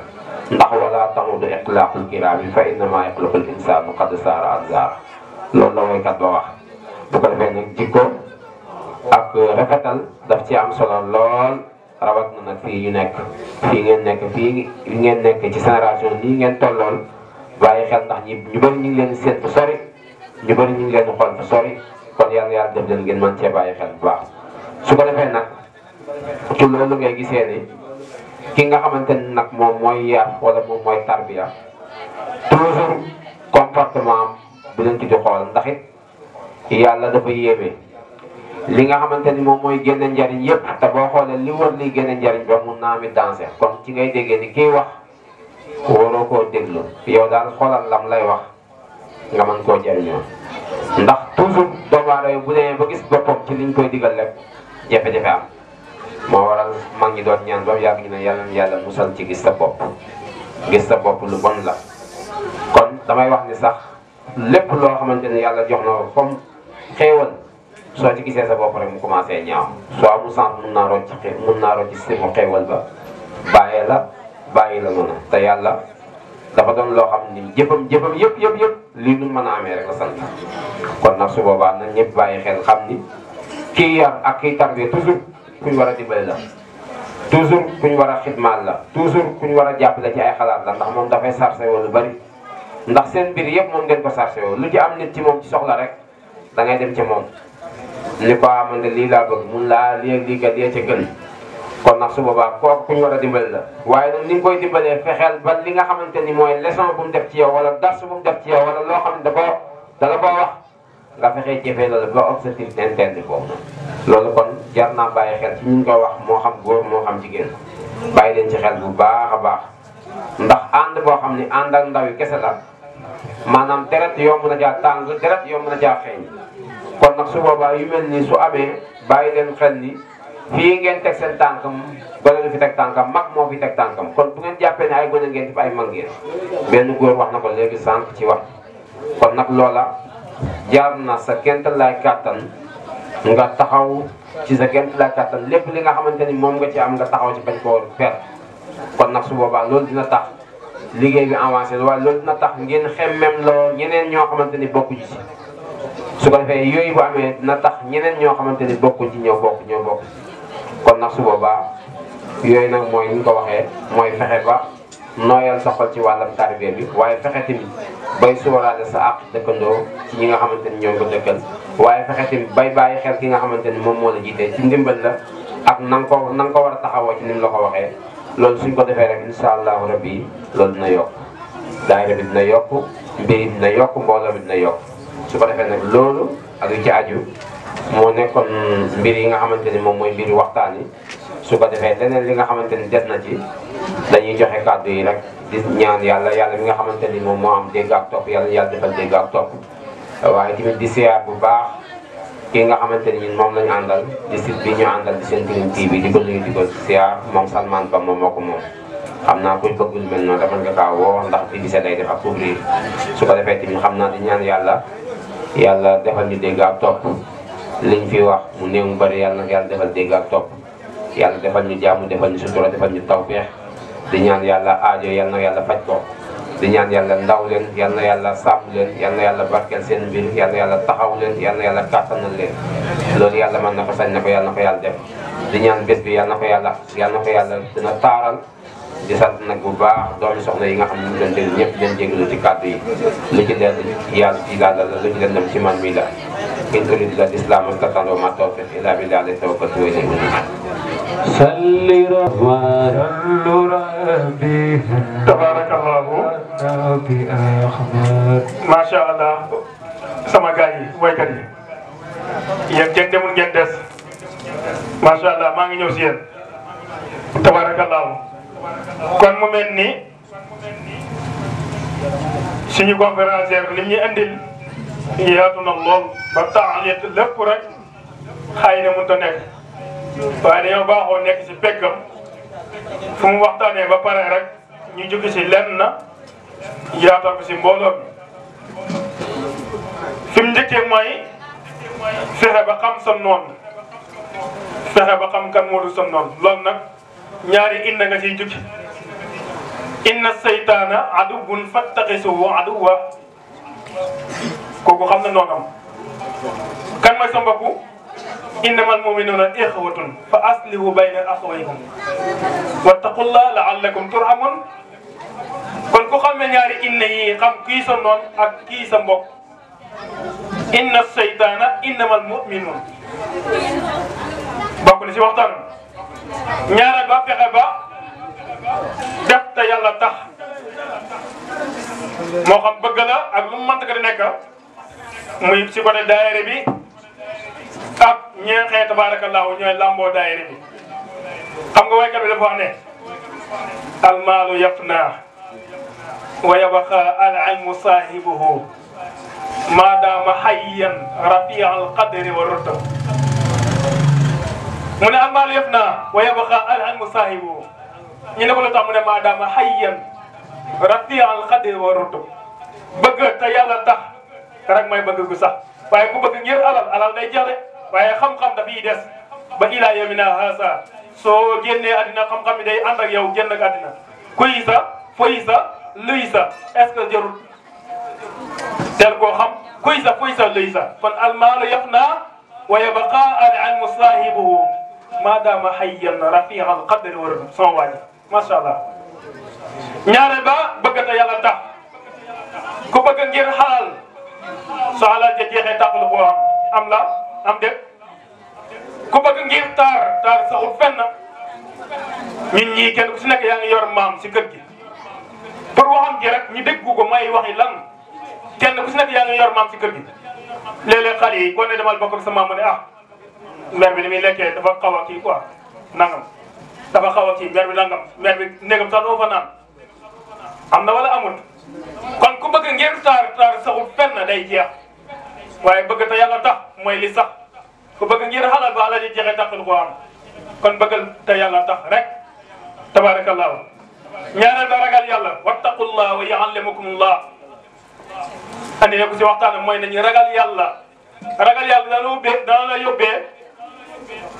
ndax wala taxudu iqlaaqul kiraami fa innama iqlaqul insaanu qad saara an zaara loolu la woykat ba wax bu ko defee nag jikko ak rafetal daf ci am solo lool rawat na nag fi ñu nekk fii ngeen nekk fii ngeen nekk ci génération nii ngeen tolloon bàyyi xel ndax ñi ñu bëri ñu ngi leen seet fu sori ñu bëri ñu ngi leen xool fu sori ko yàlla yàlla def leen ngeen mën cee bàyyi xel bu baax ci loolu ngay gisee ni ki nga xamante ni nag moom mooy yar wala moom mooy tarbiya toujours comportement am bu leen ci di xool ndax it yàlla dafa yéeme li nga xamante ni moom mooy génne njariñ yëpp te boo xoolee li war liy génne njariñ ba mun naa mi dansé kon ci ngay déggee ni kiy wax waroo koo déglu yow daal xoolal lam lay wax nga mën koo jariñoo ndax toujours doomu bu demee ba gis boppam ci liñ koy digal rek jafe-jafe am moo waral mag ñi doon ñaan ba mu yàgg ñu ne yàlla na yàlla musal ci gis sa bopp gis sa bopp lu bon la kon damay wax ni sax lépp loo xamante ne yàlla jox na ko comme xéewal soo ci gisee sa bopp rek mu commencé ñaaw soo amul sens mun naa rocc mun naa rocc si mu ba bàyyee la bàyyi la mën te yàlla dafa doon loo xam ni jëfam jëfam yëpp yëpp yëpp lii nu mën a amee rek la sant kon nag su boobaa nag ñëpp bàyyi xel xam ni kii yar ak kii tarbiya toujours ku ñu war a dimbale la toujours ku ñu war a xidmaal la toujours ku ñu war a jàppale ay xalaat la ndax moom dafay sarse woon lu bari ndax seen mbir yëpp moom ngeen ko sarse woon lu ci am nit ci moom ci soxla rek da ngay dem ci moom ni ko ah, man de lii laa bëgg mun laa lii lii kat yee ca gën kon nag su boobaa kooku ku ñu war a dimbale la waaye nag ni nga koy dimbalee fexeel ba li nga xamante ni mooy leçon bu mu def ci yow wala dars bu mu def ci yow wala loo xam ne da ko dala ko wax nga fexee jëfee loolu ba objectif interne boobu loolu kon jar naa bàyyi xel ci ñu ko wax moo xam góor moo xam jigéen bàyyi leen ci xel bu baax a baax ndax ànd boo xam ni ànd ak ndaw yi kese la maanaam deret yomb na jaa tàng deret yomb na jaa kon nag su boobaa yu mel nii su amee bàyyi leen xel ni fii ngeen teg seen tànkam bale du fi teg tànkam mag moo fi teg tànkam kon bu ngeen jàppee ne ay gone ngeen def ay mag ngeen benn góor wax na ko léegi sànq ci wax kon nag loola jaar na sa kent laay kàttan nga taxaw ci sa kent laay kàttan lépp li nga xamante ni moom nga ci am nga taxaw ci bañ koo perte kon nag su boobaa loolu dina tax liggéey bi avancé waaye loolu dina tax ngeen xemmem loo ñeneen ñoo xamante ni bokkuñu ci su ko defee yooyu tax ñeneen ñoo xamante ni bokkuñ ci ñoo bokk ñoo bokk kon nag su boobaa yooyu nag mooy ñu ko waxee mooy fexe ba nooyal sa xol ci wàllam tarbiya bi waaye fexe tamit bay suuraale sa àq dëkkandoo ci ñi nga xamante ni ñoo waaye fexe tamit bay bàyyi xel ki nga xamante ni moom moo la jiitee ci ndimbal la ak nan ko na ko war a taxawoo ci ni mu la ko waxee loolu suñ ko defee rek insha allahu rabbi loolu na yokk daayira bi dina yokk mbir yi yokk mbooloo bi dina yokk su ko defee nag loolu ak li ci aju moo nekkoon mbir yi nga xamante ni moom mooy mbiri waxtaan yi su ko defee leneen li nga xamante ni des na ci dañuy joxe kàddu yi rek di ñaan yàlla yàlla mi nga xamante ni moom moo am dégg ak topp yàlla yàlla defal dégg ak topp waaye tamit di siyaar bu baax ki nga xamante ni moom lañu àndal di site bi ñu àndal di seen Green TV di ko nuyu di ko siyaar moom Salman Ba moom moo ko moom xam naa kuy bëgg lu mel noonu dafa nga kaa woo ndax bi gisee day def ak couvrir su ko defee tamit xam naa di ñaan yàlla yàlla defal ñu dégg ak topp liñ fi wax mu néew mu bëri yàlla nag yàlla defal dégg ak yàlla defal ñu jàmm defal ñu sutura defal ñu tawfeex di ñaan yàlla aajo yal na yàlla faj ko di ñaan yàlla ndaw leen yal na yàlla sàmm leen yal na yàlla barkeel seen mbir yal na yàlla taxaw leen yal na yàlla kàttanal leen loolu yàlla mën na ko sañ na ko yàlla na ko yàlla def di ñaan bés bi yàlla na ko yàlla yàlla na ko yàlla dina taaral di sant nag bu baax doomi soxna yi nga xam ne ñu doon déglu ñëpp dañ jégalu ci yi lu ci leen yàlla ci la lu ci leen mi la in uridu illa al-islaha mastata'tu wa ma tawfiqi illa billahi alayhi tawakkaltu wa ilayhi unib salli rabbi tabarakallahu masha allah sama gars yi waykat yi yéen kenn demul maa ngi ñëw si yéen tabarakallahu kon mu mel ni suñu conférencière lim ñu andil yaatu na lool ba taxalit lépp rek xay na mënut a nekk waaye dañoo baaxoo nekk si peggam fu mu waxtaanee ba pare rek ñu jóg si lenn yaatal ko si mbooloo mi fi mu njëkkee mooy fexe ba xam sa noon fexe ba xam kan moo du sa noon loolu nag. ñaari inna nga ciy jukki inna seytaana aduwwun fattaxisuhu aduwwa kooku xam na noonam kan mooy sa mbokku innamal mu'minuuna ixwatun fa aslihu bayna axawaykum wattaqullaha la'allakum turhamun kon ku xamee ñaari inna yi xam kii sa noon ak sa mbokk inna seytaana innamal mu'minuun bokk na ci ñaare ba fexe ba def te yàlla tax moo xam bëgg la ak lu mu mënta ko di nekk muy si côté daayere bi ak ñeexee tabaarakallaahu ñooy làmboo daayere bi xam nga waykat bi dafa wax ne almaalu yafna wa yabqa al ilmu saahibuhu maadaama hayyan rafi'a al qadri wa rutba mu ne amma yëf naa wa yabqa alhan musaahibu ñu ne ko lu tax mu ne maadaama hayyan rafiya al qadr wa rutub bëgg te yàlla tax te rek may bëgg gu sax waaye ku bëgg ngir alal alal day jeex de waaye xam-xam dafiy des ba ilaa yamina haasa soo génnee àddina xam-xam bi day ànd ak yow génn ak àddina kuy sa foy sa luy sa est ce que jarul teel koo xam kuy sa foy sa luy sa kon almaalu yafnaa wa yabqa alhan musaahibuhu maadaama hayyan rafi'a al-qadri war a sama waa ji macha allah. ñaareel ba bëgg te yàlla tax ku bëgg ngir xalal su xalal ja jeexee taxul boo am am la am déet ku bëgg ngir taar taar saxul fenn ñun ñii kenn ku si nekk yaa ngi yor maam si kër gi. pour waxam ji rek ñu déggu ko may waxi lan kenn ku si nekk yaa ngi yor maam si kër gi léeg-léeg xale yi boo nee demal bokk ak sa maam mu ah, mer bi ni muy lekkee dafa xaw a kii quoi nangam dafa xaw a kii mer bi nangam mer bi néegam sax doo fa naan am na wala amul kon ku bëgg ngeen taar taar saxul fenn day jeex waaye bëgg te yàlla tax mooy li sax ku bëgg ngir xalal ba ala ji jeexee taxul ko kon bëgg te yàlla tax rek tabaarakallaahu ñaareel ba ragal yàlla wattaqullaah wa yuallimukumullaah andi ne ko ci waxtaan mooy nañu ragal yàlla ragal yàlla dana la ubbee dana la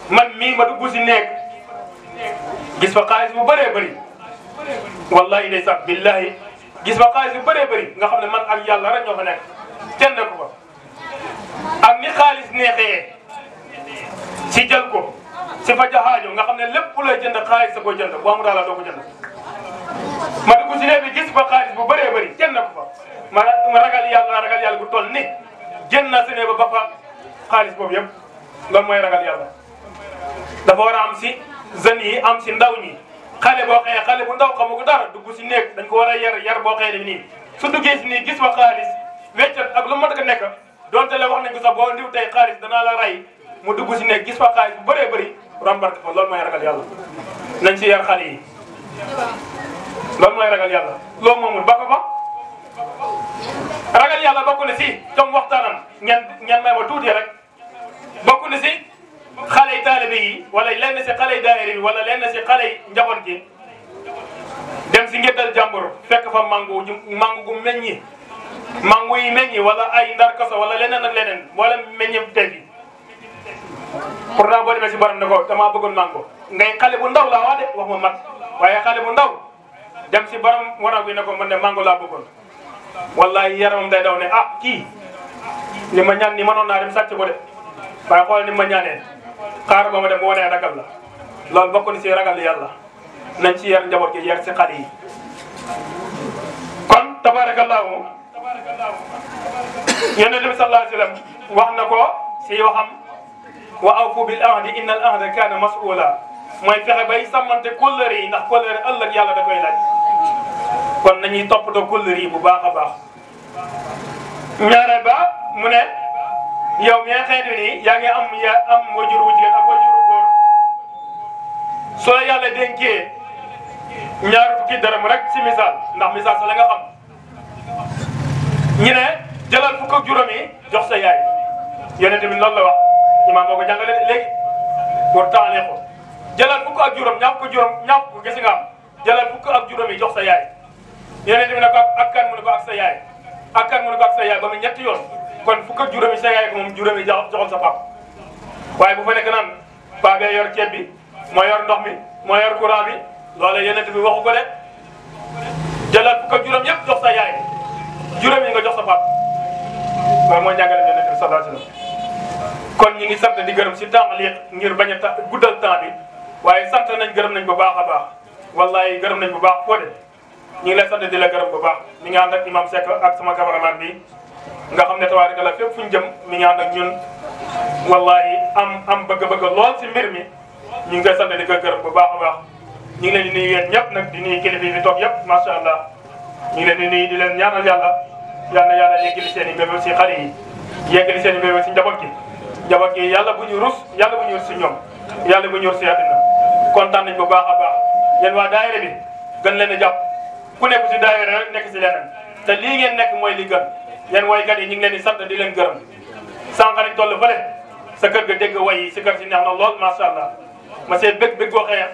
man mii ma dugg si nekk gis fa xaalis bu bëree bëri wallahi day sax billahi gis fa xaalis bu bëree bëri nga xam ne man ak yàlla rek ñoo fa nekk jënd ko fa ak ni xaalis si jël ko si fa jaxaajo nga xam ne lépp lay jënd xaalis sa koy jënd bu amul daal doo ko jënd ma dugg si léegi gis fa xaalis bu bëree bëri jënd ko fa ma ragal yàlla ragal yàlla bu toll ni jënd na si ne ba ba fa xaalis boobu yëpp loolu moy ragal yàlla dafa war am si jeunes yi am si ndaw ñi xale boo xëyee xale bu ndaw xamu ko dara dugg si néeg dañ ko war a yar yar boo xëyee nii su duggee si nii gis fa xaalis weccat ak lu mën ko nekk donte la wax nañ ko sax boo ndiw tey xaalis danaa la rey mu dugg si néeg gis fa xaalis bu bëree bëri rombarke fa loolu mooy ragal yàlla nañ si yar xale yi loolu mooy ragal yàlla loolu moomul ba ko fa ragal yàlla bokk na si tom waxtaanam ngeen ngeen may ma tuuti rek bokk na si xale yi taalibe yi wala lenn si xale yi daayira bi wala lenn si xale yi njaboot gi dem si ngeddal jàmbur fekk fa mangu mangu gu meññi mangu yi meññi wala ay ndarkasa kaso wala leneen ak leneen wala meññeef tey bi pourtant boo si borom na ko damaa bëggoon mango ngay xale bu ndaw laa wax de wax ma waaye xale bu ndaw dem si borom wanag bi ne ko man de mango laa bëggoon wallahi yaramam day daw ne ah kii li ma ñaan ni mënoon naa dem sàcc ko de waaye xoolal ni ma ñaanee. xaar ba ma dem boo nee ragal la loolu bokk na ci ragal yàlla nañ ci yar njaboot gi yar ci xale yi kon tabaarakallaahu yonent bi sallallaahu alayhi wa sallam wax na ko ci waxam wa awfu bil ahdi inna al ahda kaana mas'uula mooy fexe bay sàmmante kóllëre yi ndax kóllëre ëllëg yàlla da koy laaj kon nañuy toppatoo kóllëre yi bu baax a baax ñaareel ba mu ne yow mi nga ni nii yaa ngi am yaa am wajur wu jigéen ak wajur wu góor soo la yàlla dénkee ñaar fukki mu rek si misaal ndax misaal sa la nga xam ñu ne jëlal fukk ak juróom jox sa yaay yéen tamit loolu la wax imaam moo ko jàngale léegi pour taxalee ko jëlal ak juróom ñaar ko juróom ñaar ko gis nga am jëlal ak juróom yi jox sa yaay yéen tamit ne ko ak kan mu ne ko ak sa yaay ak kan mu yaay ba mu ñetti yoon. kon fukk ak juróomi sa yaay ko moom juróomi joxal sa pap waaye bu fa nekk naan paa yor ceeb bi moo yor ndox mi moo yor courant bi loola yeneen bi waxu ko de jëlaat fukk ak juróom yëpp jox sa yaay juróomi nga jox sa pap waaye moo njàngale yeneen bi sallallahu alayhi wasallam kon ñi ngi sant di gërëm si temps lii ngir bañ a ta guddal temps bi waaye sant nañ gërëm nañ bu baax a baax wallahi gërëm nañ bu baax foo de ñu ngi lay sant di la gërëm bu baax mi ngi ànd ak imam Seck ak sama cameraman bi nga xam ne tabaaraka la fépp fu ñu jëm mi ngi ànd ak ñun wallahi am am bëgg-bëgg lool si mbir mi ñu ngi koy sant di ko gërëm bu baax a baax ñu ngi leen di nuyu yéen ñëpp nag di nuyu kilifa yi fi toog yëpp macha allah ñu ngi leen di nuyu di leen ñaanal yàlla yal na yàlla yeggali seen i bébé si xale yi yeggali seen i bébé si njaboot gi njaboot gi yàlla bu ñu rus yàlla bu ñu rus si ñoom yàlla bu ñu rus si kontaan nañ bu baax a baax yéen waa daayira bi gën leen a jàpp ku nekk si daayira rek nekk si leneen te lii ngeen nekk mooy li yéen waykat yi ñu ngi leen di sant di leen gërëm sànq rek toll fële sa kër ga dégg way yi si kër si neex na lool macha allah ma see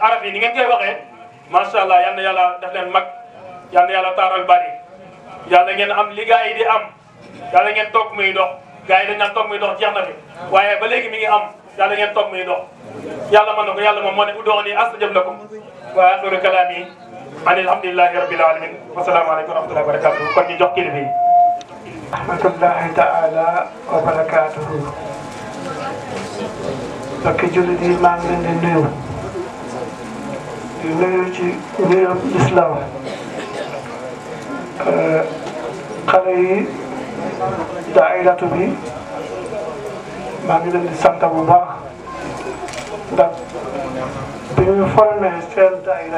arab yi ni ngeen koy waxee macha allah yal na yàlla def leen mag yal na yàlla taaral bari yàlla ngeen am li gars yi di am yàlla ngeen toog muy dox gars yi dañ naan toog muy dox jeex na fi waaye ba léegi mi ngi am yàlla ngeen toog muy dox yàlla mën na ko yàlla moom moo ne ud'uuni astajib lakum wa axiru kalaami ani alhamdulillahi rabbil alamin wa salaamu rahmatullahi taala wa barakaatuhu mbokki jullit yi maa ngi leen di nuyu di nuyu ci nuyub euh, bi maa ngi leen di sant bu baax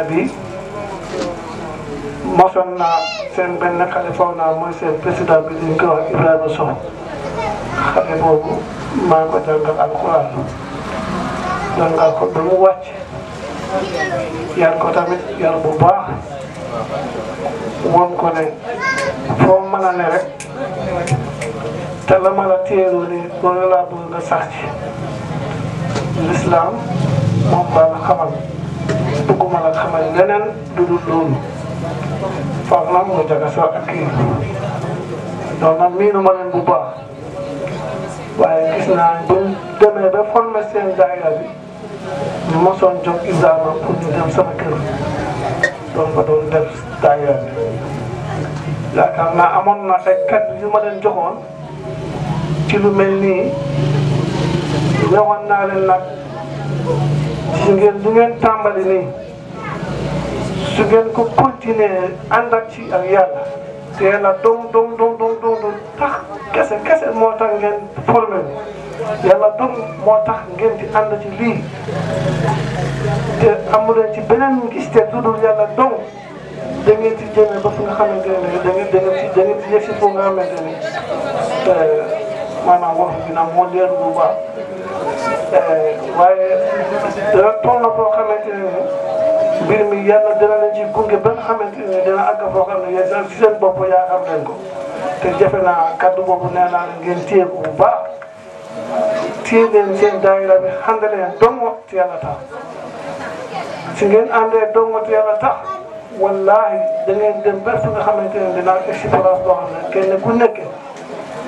bi mosoon naa seen benn xale foog mooy seen président bi ñu ko wax Ibrahima Sow xale boobu maa ngi ko jàngal alxuraan jàngal ko ba wàcc yar ko tamit yar bu baax woon ko ne foo mën a ne rek te la ma la teeloo loolu laa bëgg nga sax lislaam moom baa la xamal bëgguma la xamal leneen du dul loolu fa naa mu jaxasoo ak kii non man miinu ma bu baax waaye gis naa bu demee ba formé seen daayira bi mosoon jóg Ibrahima pour ñu dem sama kër doon fa doon def daayira bi yaakaar naa amoon na ay kàddu yu ma leen joxoon ci lu mel nii ñëwoon naa leen nag ci ngeen du ngeen tàmbali nii. su ngeen ko continuer ànd ak ci ak yàlla te yàlla dong dong dong dong tax kese kese moo tax ngeen formé yàlla dong moo tax ngeen di ànd ci lii te amuleen ci beneen gis te du dul yàlla dong da ngeen ci jëmee ba fu nga xamante ne da ngeen da ngeen ci da ngeen ci yegsi euh, wax dina moo leer bu baax euh, waaye dara toll na mbir mi yàlla dina leen ci gunge ba nga xamante a dina àgg foo xam ne yéen seen bopp yaakaar leen ko te jafe naa kaddu boobu nee naa leen ngeen téye ko bu baax téye seen daayira bi ànd leen dongo te yàlla si ngeen àndee dongo te yàlla tax wallaahi da ngeen dem ba fi nga xamante ne dinaa expérience boo xam ne kenn ku nekk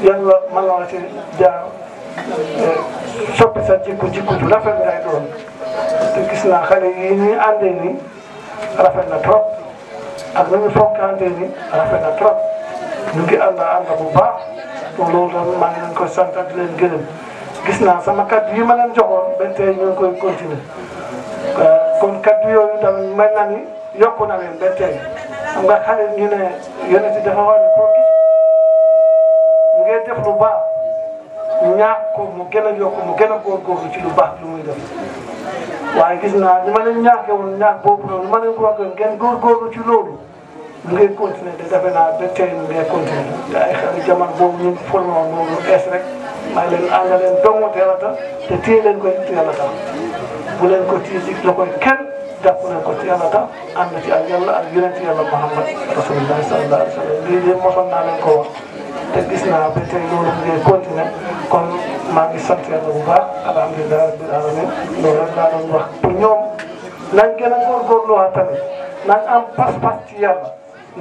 yàlla mën na la ci jaar eh, soppi sa jikko jikko ju rafet ngay doon. te gis naa xale yi ni àndee nii rafet na trop ak nu ñu fonkantee nii rafet na trop ñu ngi ànd ànd bu baax te loolu ko maa ngi leen koy sant gis naa sama kaddu yi ma leen joxoon ba tey ñu ngi koy continuer euh, kon kaddu yooyu tamit mel na leen ba tey xam nga xale ñu ne yonent dafa war a koo gis baax. ñaax ko mu gën a yokk mu gën a góorgóorlu ci lu baax lu muy def waaye gis naa ni ma leen ñaaxee woon ñaax boobu noonu ni ma leen ko waxee ngeen góorgóorlu ci loolu mu ngi continué te defe naa ba tey mu ngi continué te ay xarit jamono boobu ñu formé woon moom lu bees leen ànd leen doomu teel te téye leen koy teel bu leen ko téye ci koy kenn jàpp leen ko teel a tax ànd ci ak yàlla ak yonent yàlla Muhammad rasulullah sallallahu alayhi wa sallam lii de mosoon naa leen ko te gis naa ba tey loolu ngay continuer kon maa ngi sant yàlla bu baax alhamdulilah rabbil alamin loolu rek laa wax pour ñoom nañ gën a góorgóorluwaat tamit nañ am pas-pas ci yàlla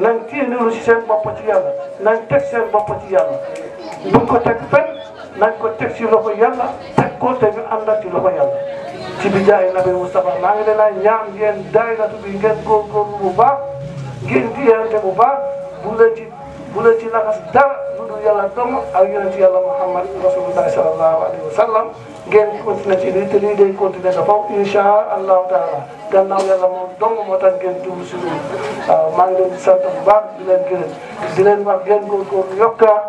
nañ tiindilu si seen bopp ci yàlla nañ teg seen bopp ci yàlla buñ ko teg fenn nañ ko teg si loxo yàlla teg ko te ñu ànd ak ci loxo yàlla ci bi jaay nabi Moustapha maa ngi leen a ñaan yéen daayiratu bi ngeen góorgóorlu bu baax ngeen diyante bu baax bu leen bu la ci laxas dara lu dul yàlla dong ak yonent yàlla Muhammad rasulullah sallallahu alayhi wa sallam ngeen continué ci lii te lii day continué ba foofu incha allahu taala gannaaw yàlla moom dong moo tax ngeen jublu si loolu waaw maa ngi leen di sant bu baax di leen gërëm di leen wax ngeen góorgóorlu yokkaat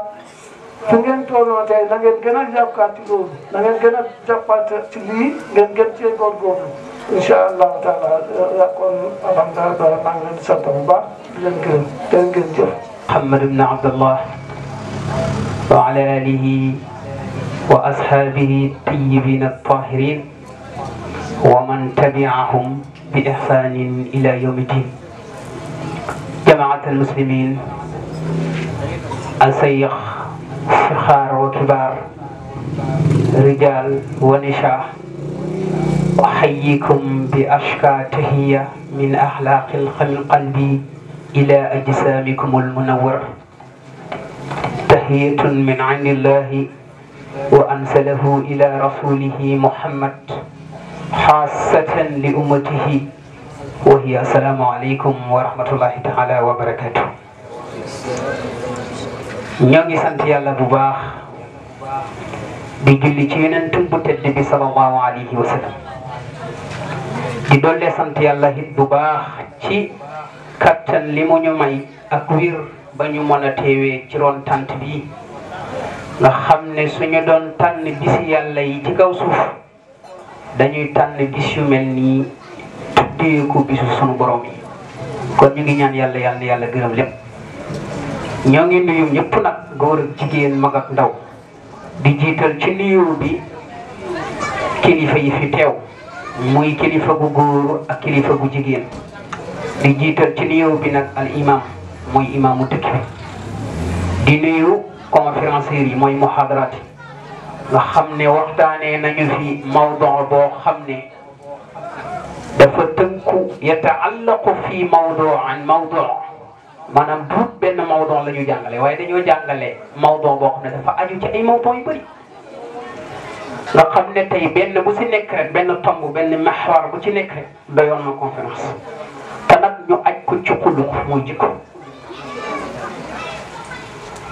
fu ngeen tolloo tey na ngeen gën a jàppaat ci loolu na ngeen gën a jàppaat ci lii ngeen gën cee góorgóorlu incha allahu taala kon alhamdulilah maa ngi leen di sant bu baax di leen gërëm di leen gërëm jëf محمد بن عبد الله وعلى آله وأصحابه الطيبين الطاهرين ومن تبعهم بإحسان إلى يوم الدين جماعة المسلمين السيخ صغار وكبار رجال ونساء أحييكم بأشكى تهية من أخلاق القلب إلى أجسامكم المنورة تحية من عند الله وأنزله إلى رسوله محمد خاصة لأمته وهي السلام عليكم ورحمة الله تعالى وبركاته ñogi sant yàlla bu baax di julli ci yonentum bu tedd bi sallallahu alayhi wa sallam di dolle sant yàlla it bu baax ci kattan li mu may ak wir ba ñu mën a teewee ci ron tant bi nga xam ne suñu doon tànn bisi yàlla yi ci kaw suuf dañuy tànn bis yu mel nii tuddee ko bisu sunu borom yi kon ñu ngi ñaan yàlla yàlla na yàlla gërëm lépp ñoo ngi nuyu ñëpp nag góor ak jigéen mag ndaw di jiital ci nuyu bi kilifa yi fi teew muy kilifa gu góor ak kilifa gu jigéen di jiital ci nuyoo bi nag al imam mooy imaamu dëkk bi di nuyu conférencier yi mooy muhadarat yi nga xam ne waxtaanee nañu fi mawdoo boo xam ne dafa tënku yataallaqu fi mawdoo an mawdoo maanaam duut benn mawdoo la ñu jàngale waaye dañoo jàngale mawdoo boo xam ne dafa aju ci ay mawdoo yu bëri nga ne tey benn bu ci nekk rek benn tomb benn maxwar bu ci nekk rek doyoon na ñu aj ku ci xulux muy jikko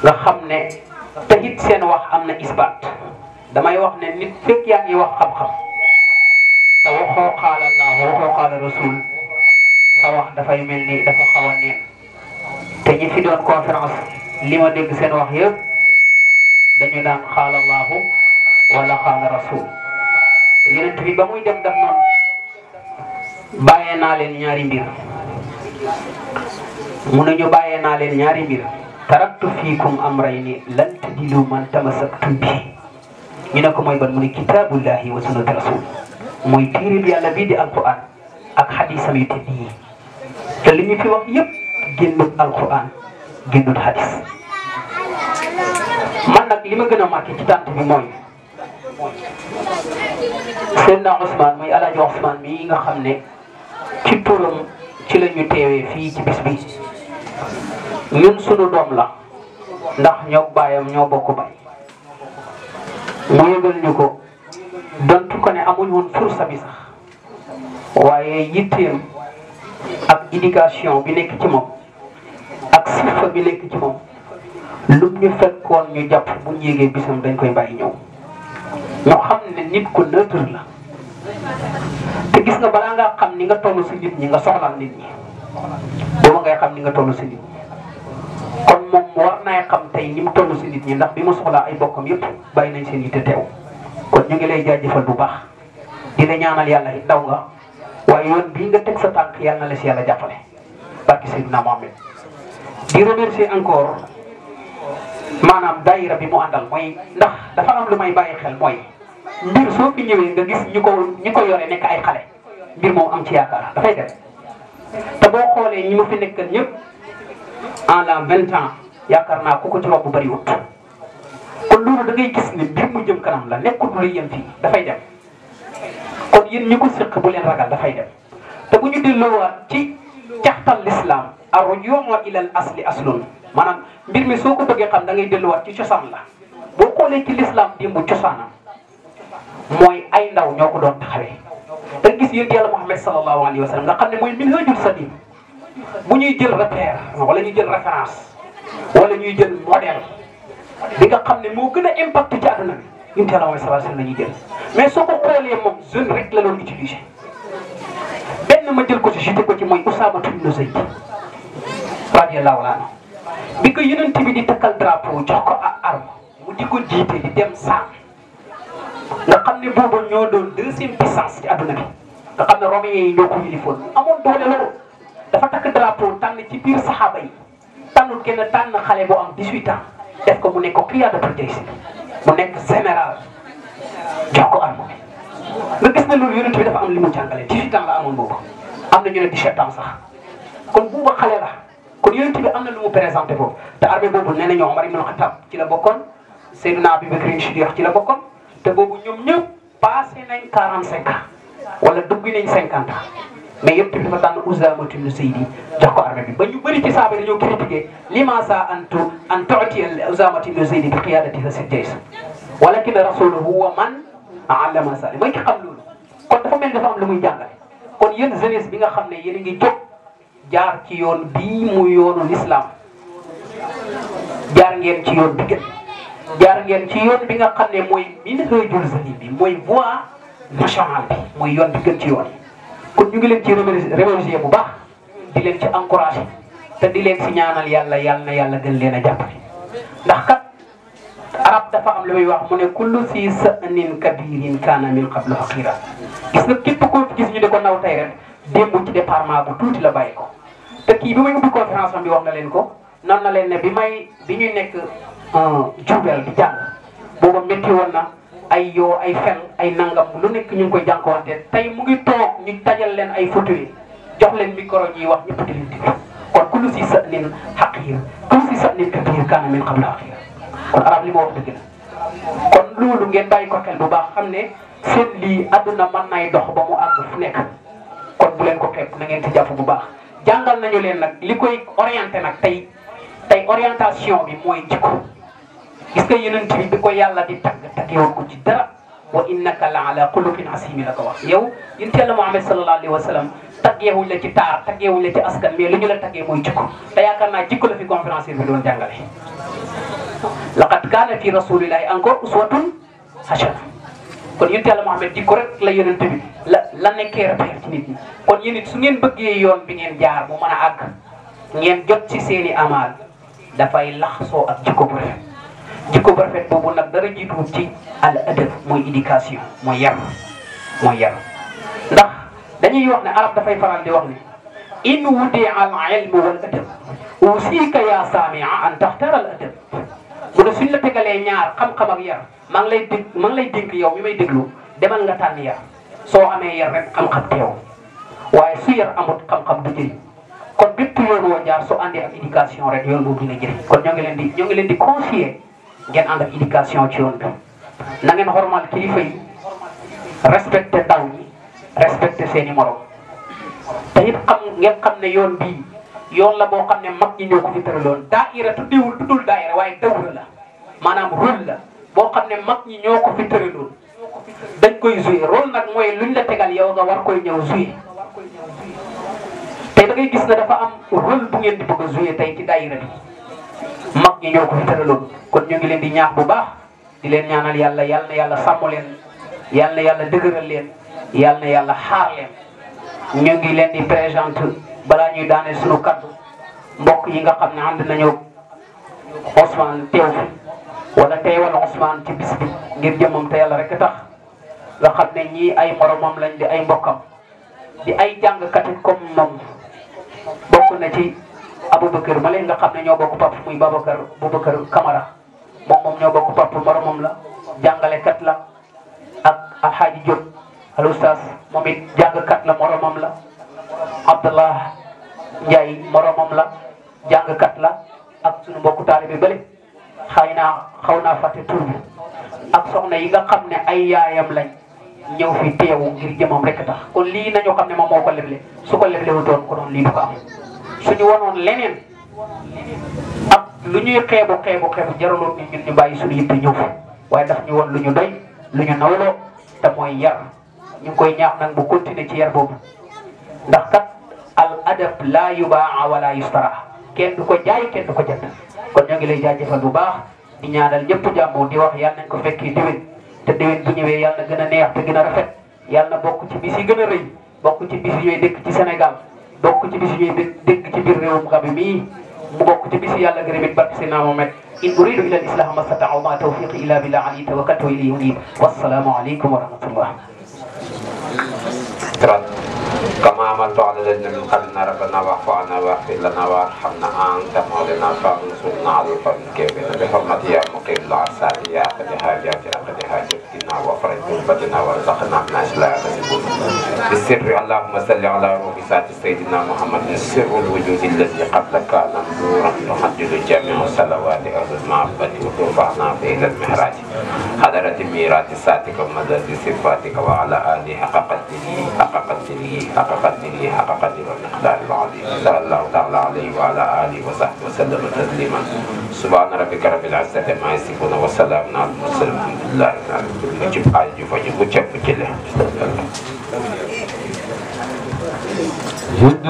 nga xam ne te it seen wax am na isbaat damay wax ne nit fekk yaa ngi wax xam-xam te waxoo xaala Allah wax dafay mel ni dafa xaw a neen te ñi fi doon conférence li dégg seen wax yëpp dañu naan xaala Allahu wala xaala rasul yonent bi ba muy dem daf noonu bàyyee naa leen ñaari mbir mu ne ñu bàyyee naa leen ñaari mbir taraktu fiikum amrayni lan tadilu man tamasaktum bi ñu ne ko mooy ban mu ne kitaabullahi wa sunnati rasul mooy téerib yàlla bii di alquran ak xadisam yu tedd yi te li ñu fi wax yëpp génnut alquran génnut xadis man nag li ma gën a marqué ci tànt bi mooy Seydina Ousmane muy Alaaji Ousmane nga xam ne ci turam ci lañu ñu teewee fii ci bis bi ñun sunu doom la ndax ñoo baayam ñoo bokk bay mu yëgal ñu ko dontu ko ne amul woon fursa bi sax waaye yitteem ak éducation bi nekk ci moom ak siffa bi nekk ci moom lum ñu fekkoon ñu jàpp bu yéegee yégee bisam dañ koy bàyyi ñëw ñoo xam ne nit ku neutre la te gis nga balaa ngaa xam ni nga toll si nit ñi nga soxlaal nit ñi booba ngay xam ni nga toll si nit ñi kon moom war naa xam tey ni mu toll si nit ñi ndax bi mu soxlaa ay bokkam yëpp bàyyi nañ seen yitte teew kon ñu ngi lay jëfal bu baax di la ñaanal yàlla it daw nga waaye yoon bii nga teg sa tànk yàlla na la si yàlla jàppale barki Seydina Mohamed di remercier encore maanaam daayira bi mu àndal mooy ndax dafa am lu may bàyyi xel mooy. mbir soo fi ñëwee nga gis ñi ko ñi ko yore nekk ay xale mbir moom am ci yaakaar dafay def te boo xoolee ñi ma fi nekkal ñëpp en la vingt ans yaakaar naa ku ko ci nopp bëri wut kon loolu da ngay gis ne mbir mu jëm kanam la nekkul lu yem fii dafay dem kon yéen ñi ko séq bu leen ragal dafay dem te bu ñu delloowaat ci caxtal l'islam ar-rujuu ila al asli aslun maanaam mbir mi soo ko bëggee xam da ngay delluwaat ci cosaan la boo xoolee ci l'islam démb cosaanam mooy ay ndaw ñoo ko doon taxawee da nga gis yéen yàlla Muhammad sallallahu alayhi wa sallam nga xam ne mooy minhajul salim bu ñuy jël repère wala ñuy jël référence wala ñuy jël modèle bi nga xam ne moo gën a impacté ci àdduna bi yéen yàlla Muhammad sallallahu alayhi wa ñuy jël mais soo ko xoolee moom jeune rek la doon utilisé benn ma jël ko ci jité ko ci mooy Usaama ibn Zayd radiyallahu anhu bi ko yonent bi di takkal drapeau jox ko ak arme mu di ko jiite di dem sànq. nga xam ne booba ñoo doon deuxième puissance ci adduna bi nga xam ne romain yi ñoo ko yilifoon amoon doole loolu dafa takk drapeau tànn ci biir saxaaba yi tànnul kenn tànn xale boo am 18 ans def ko mu nekk criard de protection mu nekk général jox ko armée nga gis ne loolu yonent bi dafa am li mu jàngale 18 ans la amoon boobu am na ñu ne 17 ans sax kon buuba xale la kon yooyu bi am na lu mu présenté foofu te armée boobu nee na ñoo Omar ibn Khattab ci la bokkoon Seydina Abubakar Siddiq ci la bokkoon. te boobu ñoom ñëpp passé nañ quarante cinq wala dugg nañ cinquante ans mais yëpp dafa tànn Ousaamatu ibnu Seydi ko armée ba ñu bëri ci saaba dañoo critiqué limaasa antu an tuuti Ousaamatu ibnu Seydi bi qiyaadati Fassine Diaïs walakin rasuluhu huwa man allama sali mooy ki xam loolu kon dafa mel dafa lu muy jàngale kon yéen jeunesse bi nga xam ne yéen a ngi jóg jaar ci yoon bii mu yoonu l'islam jaar ngeen ci yoon bi gën jaar ngeen ci yoon bi nga xam ne mooy minhajul salih bi mooy voie nationale bi mooy yoon bi gën ci yoon yi kon ñu ngi leen ci remercier bu baax di leen ci encouragé te di leen si ñaanal yàlla yàlla na yàlla gën leen a jàppale ndax kat arab dafa am lu muy wax mu ne kullu si sa sa'nin kabirin kaana min qablu haqira gis nga képp ko gis ñu di ko naw tey rek démb ci département bu tuuti la bàyyi ko te kii bi may ubbi conférence am bi wax na leen ko nan jubel di jàng booba métti woon na ay yoo ay fen ay nangam lu nekk ñu ngi koy jànkuwante tey mu ngi toog ñu tajal leen ay photo yi jox leen micro yi wax ñëpp di leen déglu kon ku lu si sa nin xaq yi ku lu si sa nin kabiir kaana min qabla axir kon arab li ma wax dëgg la kon loolu ngeen bàyyi ko xel bu baax xam ne seen lii àdduna mën nay dox ba mu àgg fu nekk kon bu leen ko xeeb na ngeen ci jàpp bu baax jàngal nañu leen nag li koy orienté nag tey tey orientation bi mooy jikko gis nga yeneen bi bi ko yàlla di tagg taggewoon ko ci dara wa innaka la ala xuluqin asimi la ko wax yow yun teel Muhammad sallallahu alayhi wa sallam taggeewuñ la ci taar taggeewuñ la ci askan mais lu ñu la taggee mooy jikko te yaakaar naa jikko la fi conférence bi doon jàngale laqad kaana fi rasulillahi encore uswatun hasana kon yun teel Muhammad jikko rek la yeneen bi la la nekkee repère ci nit ñi kon yéen it su ngeen bëggee yoon bi ngeen jaar mu mën a àgg ngeen jot ci seeni amaal dafay laxasoo ak jikko bu rafet jikko bu nag dara jiituwul ci al adab mooy éducation mooy yar mooy yar ndax dañuy wax ne arab dafay faral di wax ne in wudi al ilm wal adab ya saamia an taxtar al adab bu ne suñ la tegalee ñaar xam-xam ak yar man lay dégg maa lay dénk yow mi may déglu demal nga tànn yar soo amee yar rek xam-xam teew waaye su yar amut xam-xam du kon bépp yoon woo jaar soo àndee ak éducation rek yoon boobu dina jëriñ kon ñoo ngi leen di ñoo ngi leen di confier ngeen ànd ak éducation ci yoon bi na ngeen xormaal kilifa yi respecté ndaw ñi respecté seen i morom te it xam ngeen xam ne yoon bii yoon la boo xam ne mag ñi ñoo ko fi tëraloon daayira tuddiwul tuddul daayira waaye dawra la maanaam boo xam ne mag ñi ñoo ko fi tëraloon dañ koy joué rôle nag mooy ñu la tegal yow nga war koy ñëw joué te da ngay gis ne dafa am rôle bu ngeen di bëgg a tey ci daayira bi mag ñi ñoo kon ñu ngi leen di ñaax bu baax di leen ñaanal yàlla yàlla yàlla sàmm leen yàlla yàlla dëgëral leen yàlla na yàlla xaar leen ñu ngi leen di présenté balaa ñuy daaneel suñu kaddu mbokk yi nga xam ne ànd nañoo Ousmane teew fi wala teewal Ousmane ci bis ngir jëmmam te yàlla rek tax nga xam ne ñii ay moromam lañ di ay mbokkam di ay jàngkat comme moom. bokk na ci Aboubacar ma leen nga xam ne ñoo bokk papa muy Babacar Boubacar Camara moom moom ñoo bokk papa moromam la jàngalekat la ak Alxaaji Diop al oustaz moom it jàngkat la moromam la Abdallah Ndiaye moromam la jàngkat la ak suñu mbokku taalibe bële xay na xaw naa fàtte tur ak soxna yi nga xam ne ay yaayam lañ ñëw fi teew ngir jëmam rek tax kon lii nañu xam ne moom moo ko leble su ko leble wu doon ko doon lii du ko am suñu wanoon leneen ab lu ñuy xeebu xeebu xeebu jaraloon ni ñun ñu bàyyi suñu yitte ñëw fa waaye daf ñu won lu ñu doy lu ñu nawloo te mooy yar ñu ngi koy ñaax nag bu continuer ci yar boobu ndax kat al adab laa yubaa wala yustara kenn du ko jaay kenn du ko jënd kon ñoo ngi lay jaajëfal bu baax di ñaanal ñëpp jàmm di wax yàlla nañ ko fekki déwén te déwén bu ñëwee yàlla na gën a neex te gën a rafet yàlla na bokk ci bis yi gën a rëy bokk ci bis yooyu dëkk ci Sénégal bokk ci bis yooyu dëkk ci biir réewum Gàmbi mii mu bokk ci bis yi yàlla gërëm it barke Seydina Muhammad in uridu illa al-islaha ma stata'tu wa ma tawfiqi illa billah alayhi tawakkaltu wa ilayhi unib wassalaamu aleykum wa rahmatullah كما منفعنا لنا من خلنا ربنا واغفرنا واغفر لنا وارحمنا انت مولانا فانصرنا على القوم الكافرين بحرمه يا مقيم العسل يا قد هاجر يا قد هاجر وجمعنا وافرج كربتنا وارزقنا من اجل عبادك بالسر اللهم صل على روح ذات سيدنا محمد سر الوجود الذي قد كان نورا تحدد جميع الصلوات ارض المحبه وترفعنا الى المحراج حضرة ميراث ساتك ومدد صفاتك وعلى اله حق قدره حق قدره حق قدره حق قدره المقدار العظيم صلى الله تعالى عليه وعلى اله وصحبه وسلم تسليما سبحان ربك رب العزه ما يصفون وسلام على المرسلين الحمد لله رب العالمين nga ci aju fa ñu ko jàpp ci la